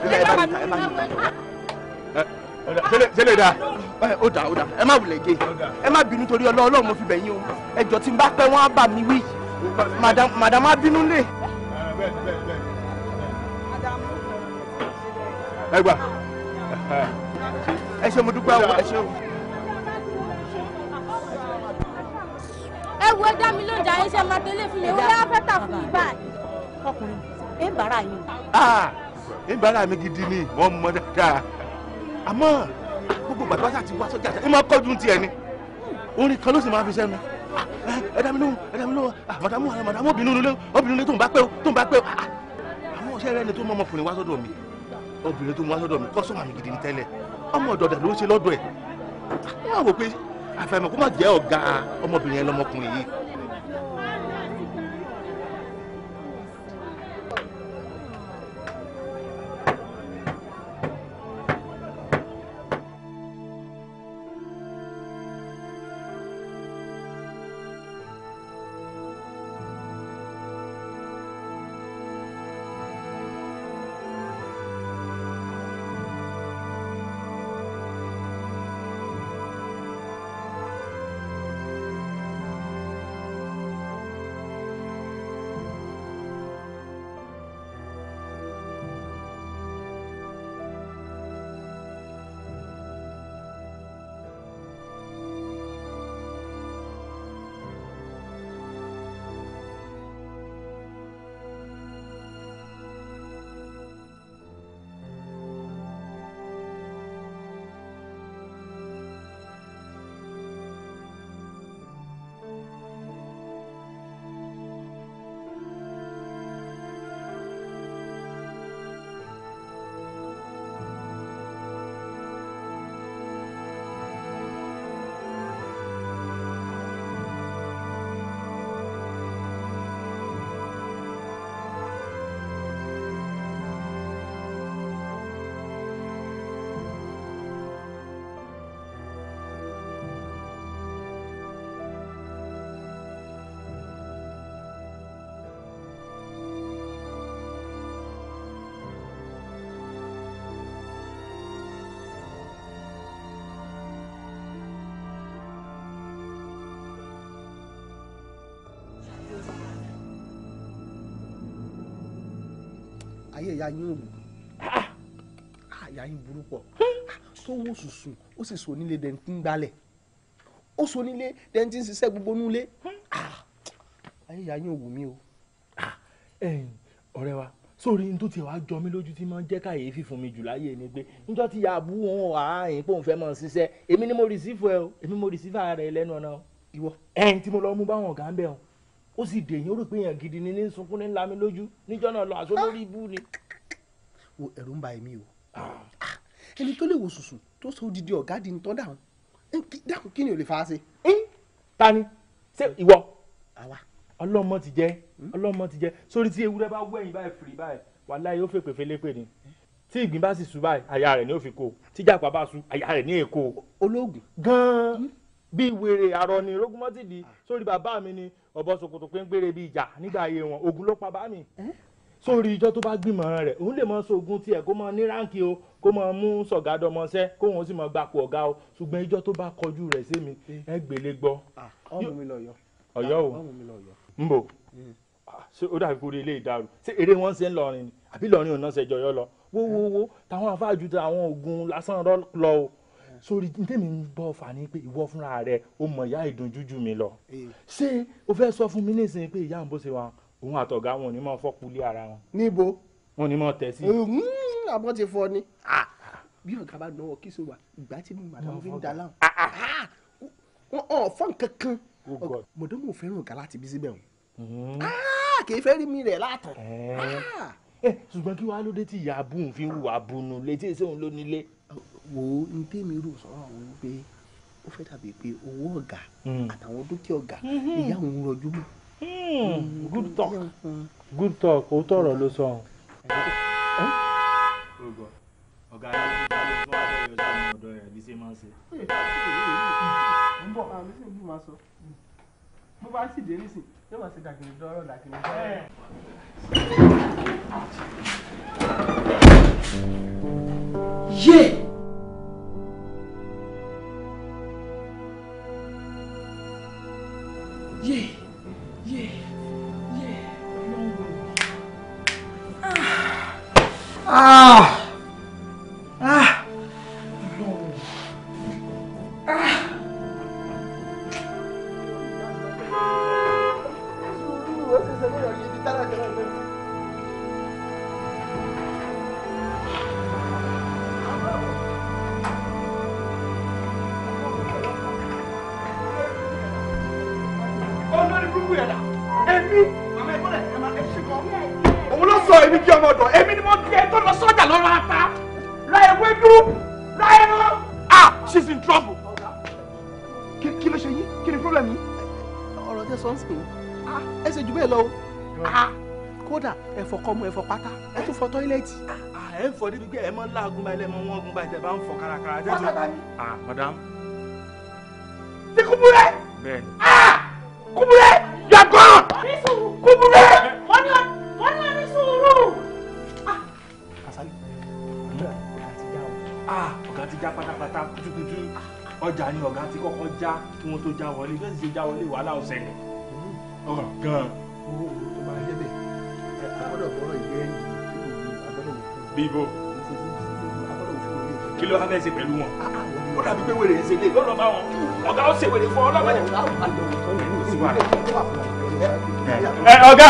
ilé ẹ̀ bá mi ta ẹ̀ bá mi ta ṣe lè da ó da ó da ẹ má wulẹ̀ gé ẹ má bínú torí ọlọ́run mo fi bẹ̀ o ẹjọ́ tí n bá pẹ́ wọ́n á bà mí wí madam á bínú lé. ẹ gbà ṣe mo dúpẹ́ o ẹ ṣe o. ẹ wo dá mi lóúnjẹ ayé ṣe máa délé fún mi ó yá fẹ́ tà fún mi báyìí. ọkùnrin ẹ ń bàárà yín. Ah, ẹ ń bàárà mi gidi ni wọ́n mọ dáadáa àmọ́ gbogbo bàbá sá ti wá sọ́jà ṣe é máa kọ́jú ti ẹ̀ ni orin kan ló sì máa fi sẹ́nu ah, ẹ dá mi lóhùn ẹ dá mi lóhùn ah, màdàmú àrẹ màdàmú obìnrin nílé obìnrin nílé tó ń bá pẹ́ o tó ń bá pẹ́ o àwọn ọ̀sẹ̀ rẹ ni tó mọ ọmọkùnrin wá sọ́dọ̀ mi obìnrin tó mú wá sọ́dọ̀ mi kọ́sọ́mà mi gidi ni tẹ́lẹ̀ ọmọ ọ̀dọ̀dà ló ń ṣe lọ́dọ̀ ẹ̀ wọ́n á wò pé àfàìmọ̀ kó má jẹ́ ọ̀gá ọmọbìnrin ẹ lọ́mọkùnrin yìí ayé ìyá yín ò wò ìyá yín burú pọ̀ tó wò sùsùn ó sì sọ nílé dẹ̀ntì ń gbalẹ̀ ó sọ nílé dẹ̀ntì ń ṣiṣẹ́ gbogbo nulẹ̀ ayé ìyá yín ò wò mí o. ọ̀rẹ́ wa sórí n tó ti wàá jọ mí lójú tí máa ń jẹ́ kàyéfì fún mi jù láyé ni pé níjọ́ tí yàá bú wọn àáyín pé òun fẹ́ máa ṣiṣẹ́ èmi ni mo rìsífù ẹ o èmi mo rìsífù ààrẹ lẹ́nu ọ̀nà o. ìwọ ẹ̀yìn tí mo lọ mú báwọn ọ̀gá ń bẹ̀ o ó sì dèyìn ó rò pé èèyàn gidi ni ní sunkún ní lami lójú níjọ́ náà lọ àṣọ lórí ibú ni. wo ẹ̀rù ń ba èmi o ah. Ah, ẹni tó lè wo sùsù tó so odidi ọ̀gá di nǹkan dáhùn dákun kí ni ò lè fa ṣe. Hm? ta ni ṣé ìwọ ọlọ́mọ ti jẹ́ hm? ọlọ́mọ ti jẹ́ sórí tí ewúrẹ́ bá wẹ̀yìn báyìí fìrí báyìí wàláhí yóò fèpè fẹlẹ́pẹ̀ ni tí ìgbín bá sì sú báyìí àyà rẹ̀ ni ó fi kó tí jàpá bá sú àyà rẹ̀ ni èkó. olóògùn. gan-an hm? bí wèrè àrọ ni rogumọ́tì di ah. sórí bàbá mi ni ọ̀bọ ṣòkòtò pé ń gbére bíi ìjà nígbà ayé wọn ogun ló pa bá mi sórí ìjọ tó bá gbìmọ̀ rẹ̀ òun lè mọ sógun tiẹ̀ kó mọ ní ráǹkì o kó mọ mú sọ̀gádọmọṣẹ́ kó òun sì mọ gbapò ọ̀gá o ṣùgbọ́n ìjọ tó bá kọjú rẹ̀ sí mi ẹ gbélé gbọ́. ọmọ ah, mi lọ yọ. ọyọ o nbọ hmm. ah, ṣé ó dàbí kúrò ilé ìdarú ṣé eré wọn ṣe ń lọrin ni àbí lọrin ò náà ṣe jọyọ lọ wo wo wo táwọn afáàjù sórí tèmi ń bọ́ fà ní pé ìwọ fúnra rẹ ó mọ ìyá ìdùnjújú mi lọ ṣé o fẹ́ sọ fún mi nísìnyí pé ìyá ń bó ṣe wa òun àtọ̀gá wọn ò ní mọ fọ́kulé ara wọn. níbo. wọn ò ní mọ tẹ̀ sí. Hmm, àbọ̀ ti fọ ni ah, bí ọ̀gá bá náwó kí so wà ìgbà tí mo màdàmú fi ń da láwọn. wọn ò fọ́n kankan oh mọ̀dọ́mọ̀ fẹ́ràn ọ̀gá láti bí síbẹ̀ wọn. Mm-hmm. Ah, kì í fẹ́ rí mi rẹ̀ látọ̀. Eh. Ah. Eh, ṣùgbọ́n kí wàá ló dé tí ìyá abúhùn fi ń hùwà bunú létí èsè òun ló nílé wo ní tèmi rò sọ̀rọ̀ àwọn wípé ó fẹ́ dàbí pé owó ọ̀gá hmm. àtàwọn dúkìá ọ̀gá hmm. ìyá òun rọjú hmm. good talk good talk ó tọrọ ló sọ. ọ̀gá yẹn ti bá lè fọ́ àbẹ̀yọ̀ sáwọn ọ̀dọ́ rẹ̀ bí ṣe máa ń ṣe. ń bọ̀ àmì sì ń bí màá sọ bó bá sì dé nísìn yóò máa ṣe dàgìrì dọ́rọ̀ dàgìrì dọ́rọ̀. Yeah. Ah! ṣẹlẹ̀ ọ̀gán. Oh, owó wo tó bá débẹ̀ ẹ agbọ́dọ̀ bọ́rọ̀ ìgbé ẹ̀yìn agbọ́dọ̀ wò fún un. bíbó kí ló wá fẹ́ ṣe pẹ̀lú wọn. ó dàbí pé wèrè ṣe lé lọ́dọ̀ bá wọn ọ̀gá ó ṣe wèrè fún ọ lọ́wọ́ ẹ̀. ọ̀gá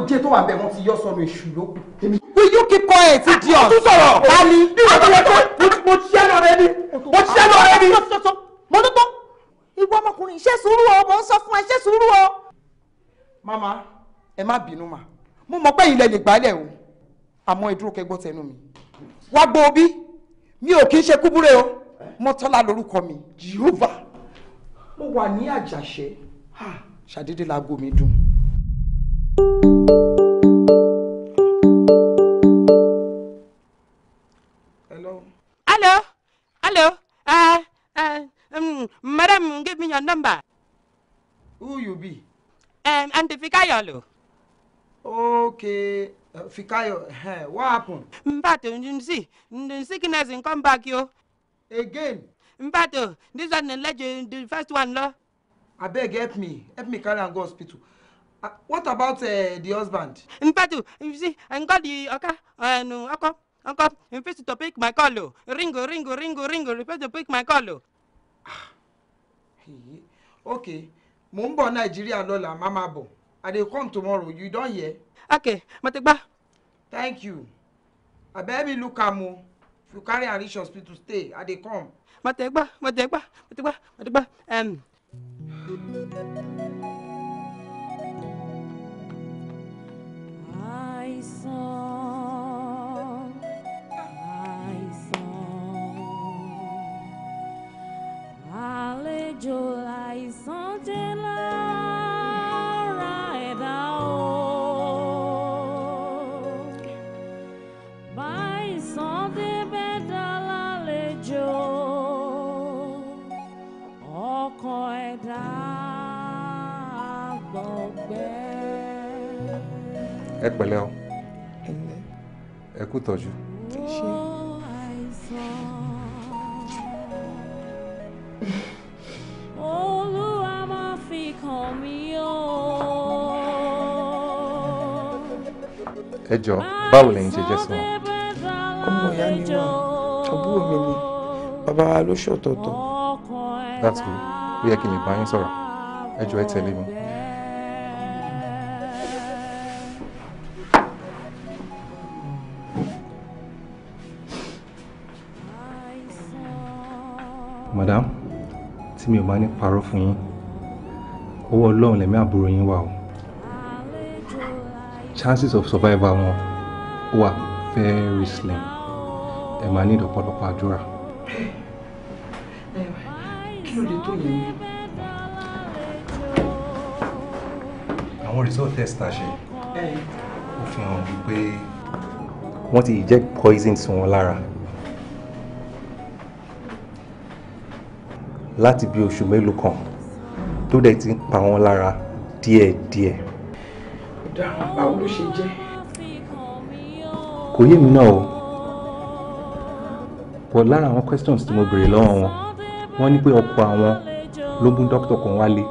pé jẹ́ tó wà bẹ́ẹ̀ wọ́n ti yọ sọnù èṣù ló kù. will you keep quiet ah, idiot. a tún sọ̀rọ̀ báyìí ní ìwé tó yẹ kó mo ṣiṣẹ́ lọ rẹ ni mo ṣiṣẹ́ lọ rẹ ni. Ah, mo tó tó ìwọ ọmọkùnrin ṣe sùúrù o mo ń sọ fún ẹ ṣe sùúrù o. mama ẹ má bínú mà mo mọ pé ilẹ̀ lè gbálẹ̀ o àmọ́ ìdúró kẹgbọ́ tẹnu mi wá gbọ́ bí mi ò kí ń ṣe kúbúrẹ́ o mọ́tọ́lá lórúkọ mi Jehovah mo wà ní àjàṣe ṣàdédé láago mi dùn. Hello. Hello. Hello. Uh, uh, um, madam, give me your number. Who you be? Um, Auntie Fikayo. Okay, uh, Fikayo, hey, eh, what happened? Mbato, you see, the sickness and come back, yo. Again? Mbato, this one let you the first one, lo. I beg, help me. Help me carry and go hospital. Uh, what about uh, the husband? In fact, you see, I got the okay. uh, eh, no, Oka, Oka, I'm supposed to pick my call. Oh. Ringo, ringo, ringo, ringo, supposed to pick my call. Oh. Ah, okay, mumbo Nigeria, Lola Mama Bo. má má I dey come tomorrow, you don't hear? Okay, Matigba. Thank you. Abeg me look at o. Oh. you carry a rich hospital, stay. I dey come. Matigba, Matigba, Matigba, Matigba. Um, àìsàn àìsàn àlejò àìsàn dé lára ẹ̀dá o báìsàn débẹ̀ dá lálejò ọkàn ẹ̀dá gbọ̀ngbẹ́. ẹ pẹ̀lẹ́ o kú tọ́jú. Olúwa máa fi kàn mí o. ẹ jọ báwo lẹ̀yin ṣe jẹ́ sí wọn. ọmọ ìyá ni that's good ó yẹ kí n lè bá yín sọ̀rọ̀ ẹ jọ ẹ madam tí mi ò bá ní parọ́ fún yín ọwọ́ ọlọ́run lẹ̀mí àbúrò yín wà o chances of survival wọn wà very slim ẹ máa ní ìdọ̀pọ̀lọpọ̀ àdúrà. kí ló dé tó yẹn ni. àwọn result test ta ṣe ó fi hàn wípé wọ́n ti inject poison sí wọn lára. láti bí oṣù mélòó kan tó dẹ̀ ti ń pa wọ́n lára díẹ̀díẹ̀. ọ̀daràn báwo ló ṣe jẹ́. kò yé mi náà o pọ̀ lára àwọn questions tí mo béèrè lọ́wọ́ wọn wọ́n ní pé ọkọ àwọn ló mú dókítà kan wálé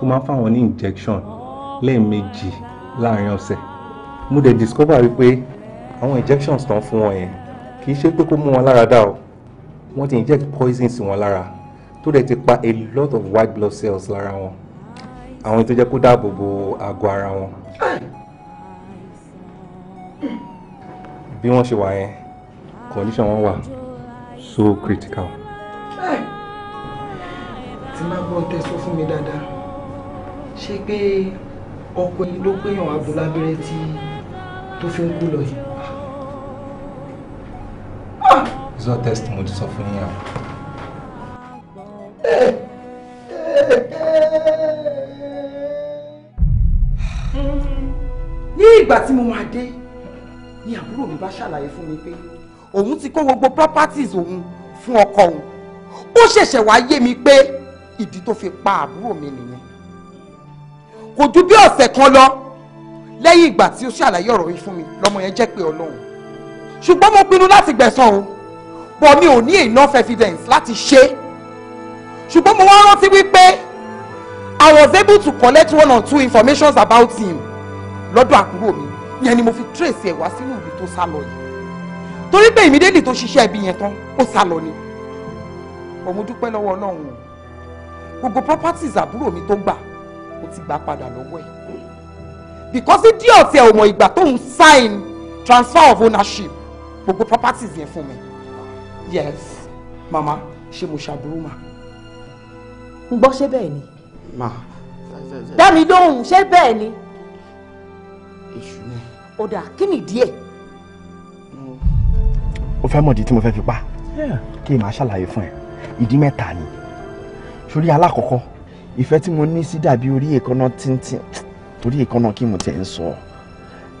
tó máa ń fáwọn ní injection lẹ́ẹ̀mejì láàrin ọ̀sẹ̀ mo dẹ̀ discover wípé àwọn injections tán fún wọn yẹn kì í ṣe pé kó mú wọn lára dá o wọ́n ti inject poison sí wọn lára tó dẹ̀ ti pa a lot of white blood cells lára wọn àwọn tó jẹ́ kó dáàbò bo àgọ́ ara wọn. bí wọ́n ṣe wà yẹn condition wọn wà so critical. tí má gbọ́ tẹ sọ fún mi dáadáa ṣé pé ọkùnrin ló péyàn abo lábẹ́rẹ́ tí tó fi ń kú lọ yìí. it's not testimony sọ fún yín ní ìgbà tí mo máa dé ni àbúrò mi bá ṣàlàyé fún mi pé òun ti kó gbogbo properties òun fún ọkọ òun ó ṣẹ̀ṣẹ̀ wá yé mi pé ìdí tó fi pa àbúrò mi nìyẹn kò ju bí ọ̀sẹ̀ kan lọ lẹ́yìn ìgbà tí ó ṣàlàyé ọ̀rọ̀ yìí fún mi lọ́mọ yẹn jẹ́ pé ọlọ́run ṣùgbọ́n mo pinnu láti gbẹ̀san o bọ̀ mi ò ní enough evidence láti ṣe é ṣùgbọ́n mo wá rántí wípé I was able to collect one or two informations about him lọ́dọ̀ àbúrò mi yẹn ni mo fi trace ẹ̀ wá sínú ìlú tó sá lọ yìí torí pé immediately tó ṣiṣẹ́ ibi yẹn tán ó sá lọ ni òun dúpẹ́ lọ́wọ́ ọlọ́run o gbogbo properties àbúrò mi tó gbà ó ti gbà padà lọ́wọ́ ẹ̀ because ìdí ọ̀tí ẹ̀ ò mọ̀ ìgbà tóun sign transfer of ownership gbogbo properties yẹn fún mi yes mama ṣe mo ṣàbúrò mà ń gbọ́ ṣé bẹ́ẹ̀ ni. ma dá mi lóhùn ṣé bẹ́ẹ̀ ni. èṣù ni. ó kí ni díẹ̀. o fẹ́ mọ̀ di tí mo fẹ́ fi pa kí n máa ṣàlàyé fún ẹ ìdí mẹ́ta ni sórí alákọ̀ọ́kọ́ ìfẹ́ tí mo ní sí dàbí orí èékánná tíntín torí èékánná kí mo tẹ̀ ń sọ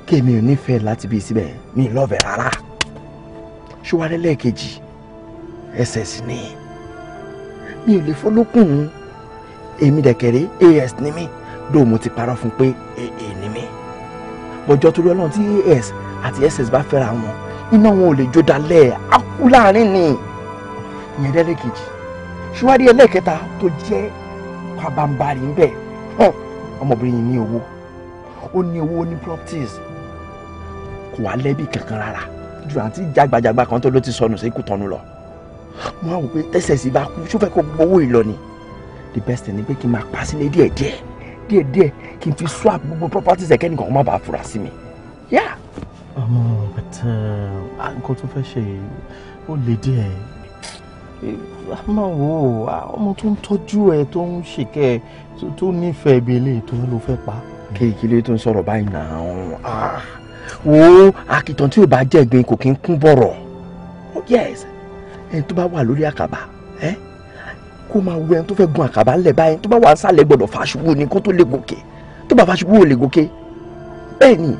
kémi ò nífẹ̀ẹ́ láti bí síbẹ̀ mi lọ́ọ̀fẹ́ rárá ṣùwárẹ́ lẹ́ẹ̀kejì ẹsẹ̀ sì ni mi ò lè fọ́ lókùn un èmi dẹ̀kẹ̀rẹ́ as ni mí dóò mo ti parọ́ fún pé aa ni mí bọ́jọ́ torí ọlọ́run tí as àti ss bá fẹ́ra wọn iná wọn ò lè jó dalẹ̀ á láàrin ni ìyẹn lẹ́lẹ́kejì ṣíwádìí ẹlẹ́kẹta tó jẹ́ pabambarì ń bẹ̀ ọmọbìnrin yìí ní owó ó ní owó ní properties kò wá lẹ́bí kankan rárá ju àǹtí jagbajagba kan tó ló ti sọnù sí kùtọ́nù lọ mo á wò pé tẹ́sẹ̀ sí bá kú ṣó fẹ́ kó gbowó ìlọ ni the best thing ni pé kí n máa pa sílé díẹ̀ díẹ̀ díẹ̀ swap properties ẹ̀ kẹ́nìkan kó má bàa fura sí mi. Uh, nǹkan tó fẹ́ ṣe to le díẹ̀ a máa wò ó ọmọ tó ń tọ́jú ẹ tó ń ṣìkẹ́ tó nífẹ̀ẹ́ ibi ilé tó lo fẹ́ pa. kéèkì ló tó ń sọ̀rọ̀ báyìí náà ah, wo àkìtàn tí ò bá jẹ́ ìgbín kò kí ń kún bọ̀rọ̀ oh, yes ẹni tó bá wà lórí àkàbà ẹ́ eh? kó máa wo ẹni tó fẹ́ gun àkàbà ńlẹ̀ báyìí tó bá wà nsàlẹ̀ gbọ́dọ̀ fàṣubú ni kó tó lè gòkè tó bá fàṣubú ò lè gòkè bẹ́ẹ̀ ni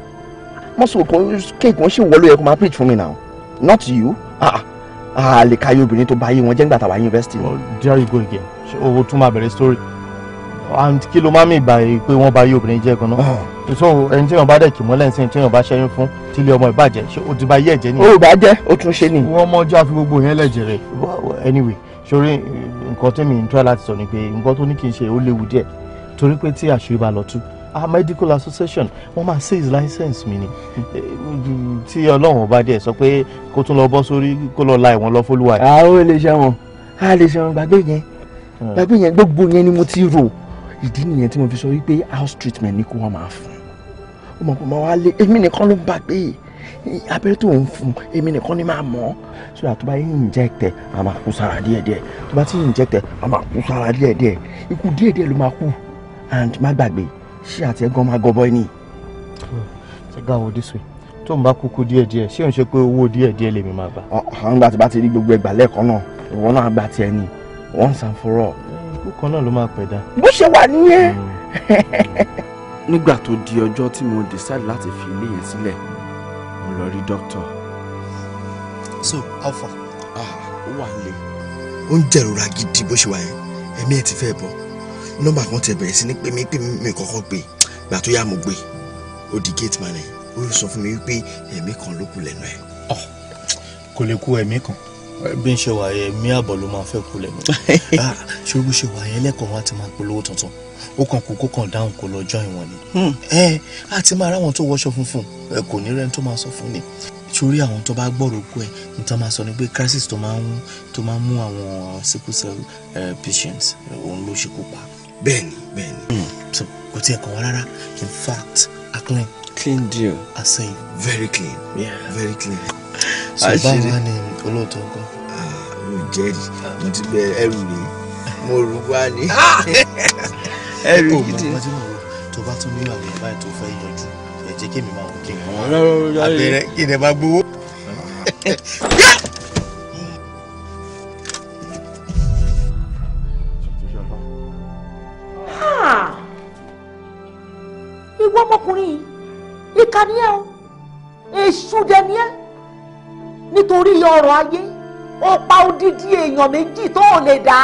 mọ́sọ̀ kéèkì wọn wọlé ẹ máa preach fún mi now not you ah ah lè ka yóò obìnrin tó bá yé wọn jẹ́ nígbà táwa yunifásitì ni. there you go again owó tún máa bẹ̀rẹ̀ story and kí ló máa mi gbà yìí pé wọ́n bá yé obìnrin jẹ́ gan-an ah. so ẹni tí èèyàn bá dẹ̀ kì mọ́lẹ̀ ní sẹ́yìn tí èèyàn bá ṣẹ́yìn fún tí ilé ọmọ ìbàjẹ́ ṣé o ti bá yé ẹ̀jẹ̀ nìyẹn. o ò anyway sori nǹkan mi ń tọ́ láti sọ ni pé nǹkan tó ní kí n ṣe ó léwu díẹ̀ torí pé tí àṣírí bá lọ tú a medical association wọ́n máa seize license mi ni tí ọlọ́run bá díẹ̀ sọ pé kó tún lọ bọ́ sórí kó lọ la ìwọ̀n lọ fólúwa. àwọn lè ṣe wọn a lè ṣe wọn gbàgbé yẹn hmm. gbàgbé yẹn gbogbo yẹn ni mo ti rò ìdí nìyẹn tí mo fi sọ wípé house treatment ni kó wọn máa fún ọmọkùnrin wa lé èmi nìkan ló ń bá yìí abẹ́rẹ́ tó ń fún èmi nìkan ni máa mọ̀ ọ́ so that tó bá yín inject a máa kú sára díẹ̀díẹ̀ tó bá ti inject a máa kú sára díẹ̀díẹ̀ ikú díẹ̀díẹ̀ ló máa kú and má gbàgbé ṣé àti ẹ̀gbọ́n máa gọbọ ẹni. ṣe gá wo this way tó ń bá kúkú díẹ̀díẹ̀ ṣé òun ṣe pé owó díẹ̀díẹ̀ lèmi máa gbà. àwọn ìgbà tí bá ti rí gbogbo ẹgbà lẹ́ẹ̀kan náà ìwọ náà gbà tiẹ̀ ni once and for all. ikú kan náà ló máa pẹ̀dá. bó ṣe wà nìyẹn. Hmm. nígbà tó di ọjọ́ tí mo decide láti fi ilé yẹn sílẹ̀ mo lọ doctor. so how far. ah ó wà nílé. ó ń jẹ̀rora gidi bó ṣe wà yẹn ẹ̀mí ẹ̀ ti fẹ́ bọ̀ nọ́mbà kan tẹ̀ bẹ̀rẹ̀ sí ní pé mi kọ́kọ́ gbé gbà tó yá mo gbé ó di gate man ẹ̀ ó sọ fún mi wípé ẹ̀mí kan ló kù lẹ́nu ẹ̀. Ah, kò lè kú ẹ̀mí kan bí n ṣe wà yẹn ẹ̀mí àbọ̀ ló máa fẹ́ kú lẹ́nu ah, ṣé bó ṣe wà yẹn lẹ́kọ̀ọ́ wa ti máa polówó tuntun ó kàn kú kó kàn dáhùn kó lọ join wọn ni. Hmm. ẹ á ti máa ráwọn tó wọṣọ funfun ẹ kò ní rẹ́ni tó máa sọ fún ni torí àwọn tó bá gbọ́rọ̀ kú ẹ̀ níta máa sọ ni pé crisis tó máa ń tó máa ń mú àwọn sickle cell patients òun ló ṣekú pa. bẹ́ẹ̀ni bẹ́ẹ̀ni. Hmm. so kò tiẹ̀ kàn wá rárá in fact a clean. clean deal. a say very clean. yeah very clean. so báwo wá ni olóòótọ́ nǹkan. Ah, mi ò jẹ́rìí mo ti bẹ ẹrù mi mo rú wá ní. ẹrù oh, gidi. tó bá tún ní àwọn ìbáyìí tó fẹ́ yanjú ẹ jẹ́ kémi máa wọ kí n kàn abẹ́rẹ́ kí n dẹ̀ gbowó. Ah! ìwọ ọmọkùnrin ìka ni ẹ o èṣù dẹ ni ẹ nítorí ọrọ̀ ayé ó pa odidi èèyàn méjì tó lè dá.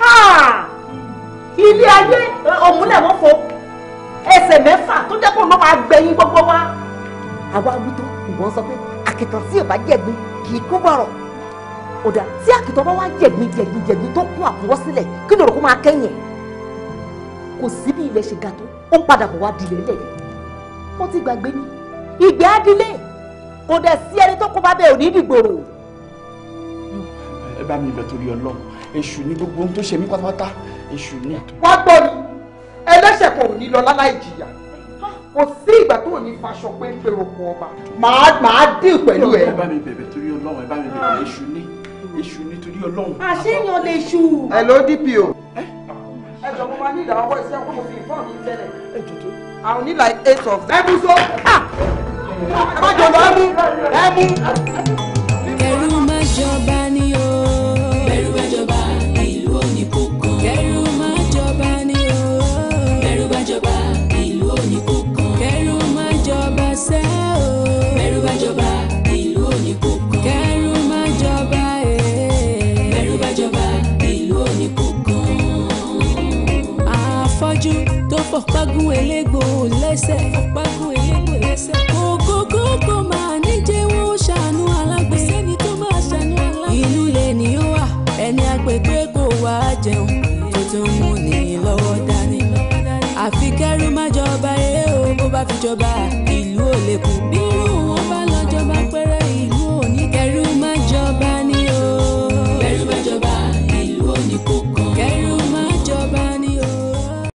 Ha! Ah! ilé ayé òmùlẹ̀ mọ́ fo ẹsẹ̀ mẹ́fà tó jẹ́ kó ló máa gbẹ̀yìn gbogbo wa. àwa wító ìwọ sọ pé àkìtàn sí ìbá jẹ̀gbin kì í kó bọ̀rọ̀ ọ̀dà tí àkìtàn bá wá jẹ̀gbin jẹ̀gbin jẹ̀gbin tó kún àfọwọ́ sílẹ̀ kí lóòrò kó máa kẹ́yìn kò sí bí ilẹ̀ ṣe ga tó ó ń padà bọ̀ wá dilẹ̀ lẹ̀ wọ́n ti gbàgbé ni ìgbẹ́ adilé kò dẹ̀ sí ẹni tó kó bá bẹ́ẹ̀ ò ní dìgbòrò. ẹ bá mi ibẹ̀ torí Ọlọ́run èṣù ní gbogbo ohun tó ṣe mí pátápátá iṣu ní. wá gbọ́ ni ẹlẹ́ṣẹ̀ kan ò ní lọ láláì jìyà kò sí ìgbà tó ní faṣọ pé ń pèrò kan ọba màá màá dín pẹ̀lú ẹ. ẹ bá mi bẹ̀bẹ̀ torí ọlọ́run ẹ bá mi bẹ̀bẹ̀ iṣu ní iṣu ní torí ọlọ́run. àṣeyàn lè ṣu. ẹ ló dpo. ẹ jọ mo máa ní ìdáwọ́ iṣẹ́ kó mo fi ìfọ́n mi tẹ́lẹ̀. ẹ jòjó. I will like eight of them. ẹ mú so. Ah! ẹ má jọ lọ ẹ mú ẹ mú. ẹ̀rù má jọba. fọ̀págùn elégbò lẹ́sẹ̀ fọ̀págùn elégbò lẹ́sẹ̀. ògógó kò máa ní jẹ́ wọ́n ó ṣàánú alágbe. sẹ́ni tó máa ṣàánú alágbe. ìlú lè ní ó wà ẹni àpèpé kò wá jẹun tó tún mú ní lọ́wọ́ dání. àfi kẹ́rù má jọba ẹ̀ o bó bá fi jọba ìlú ò lè kú.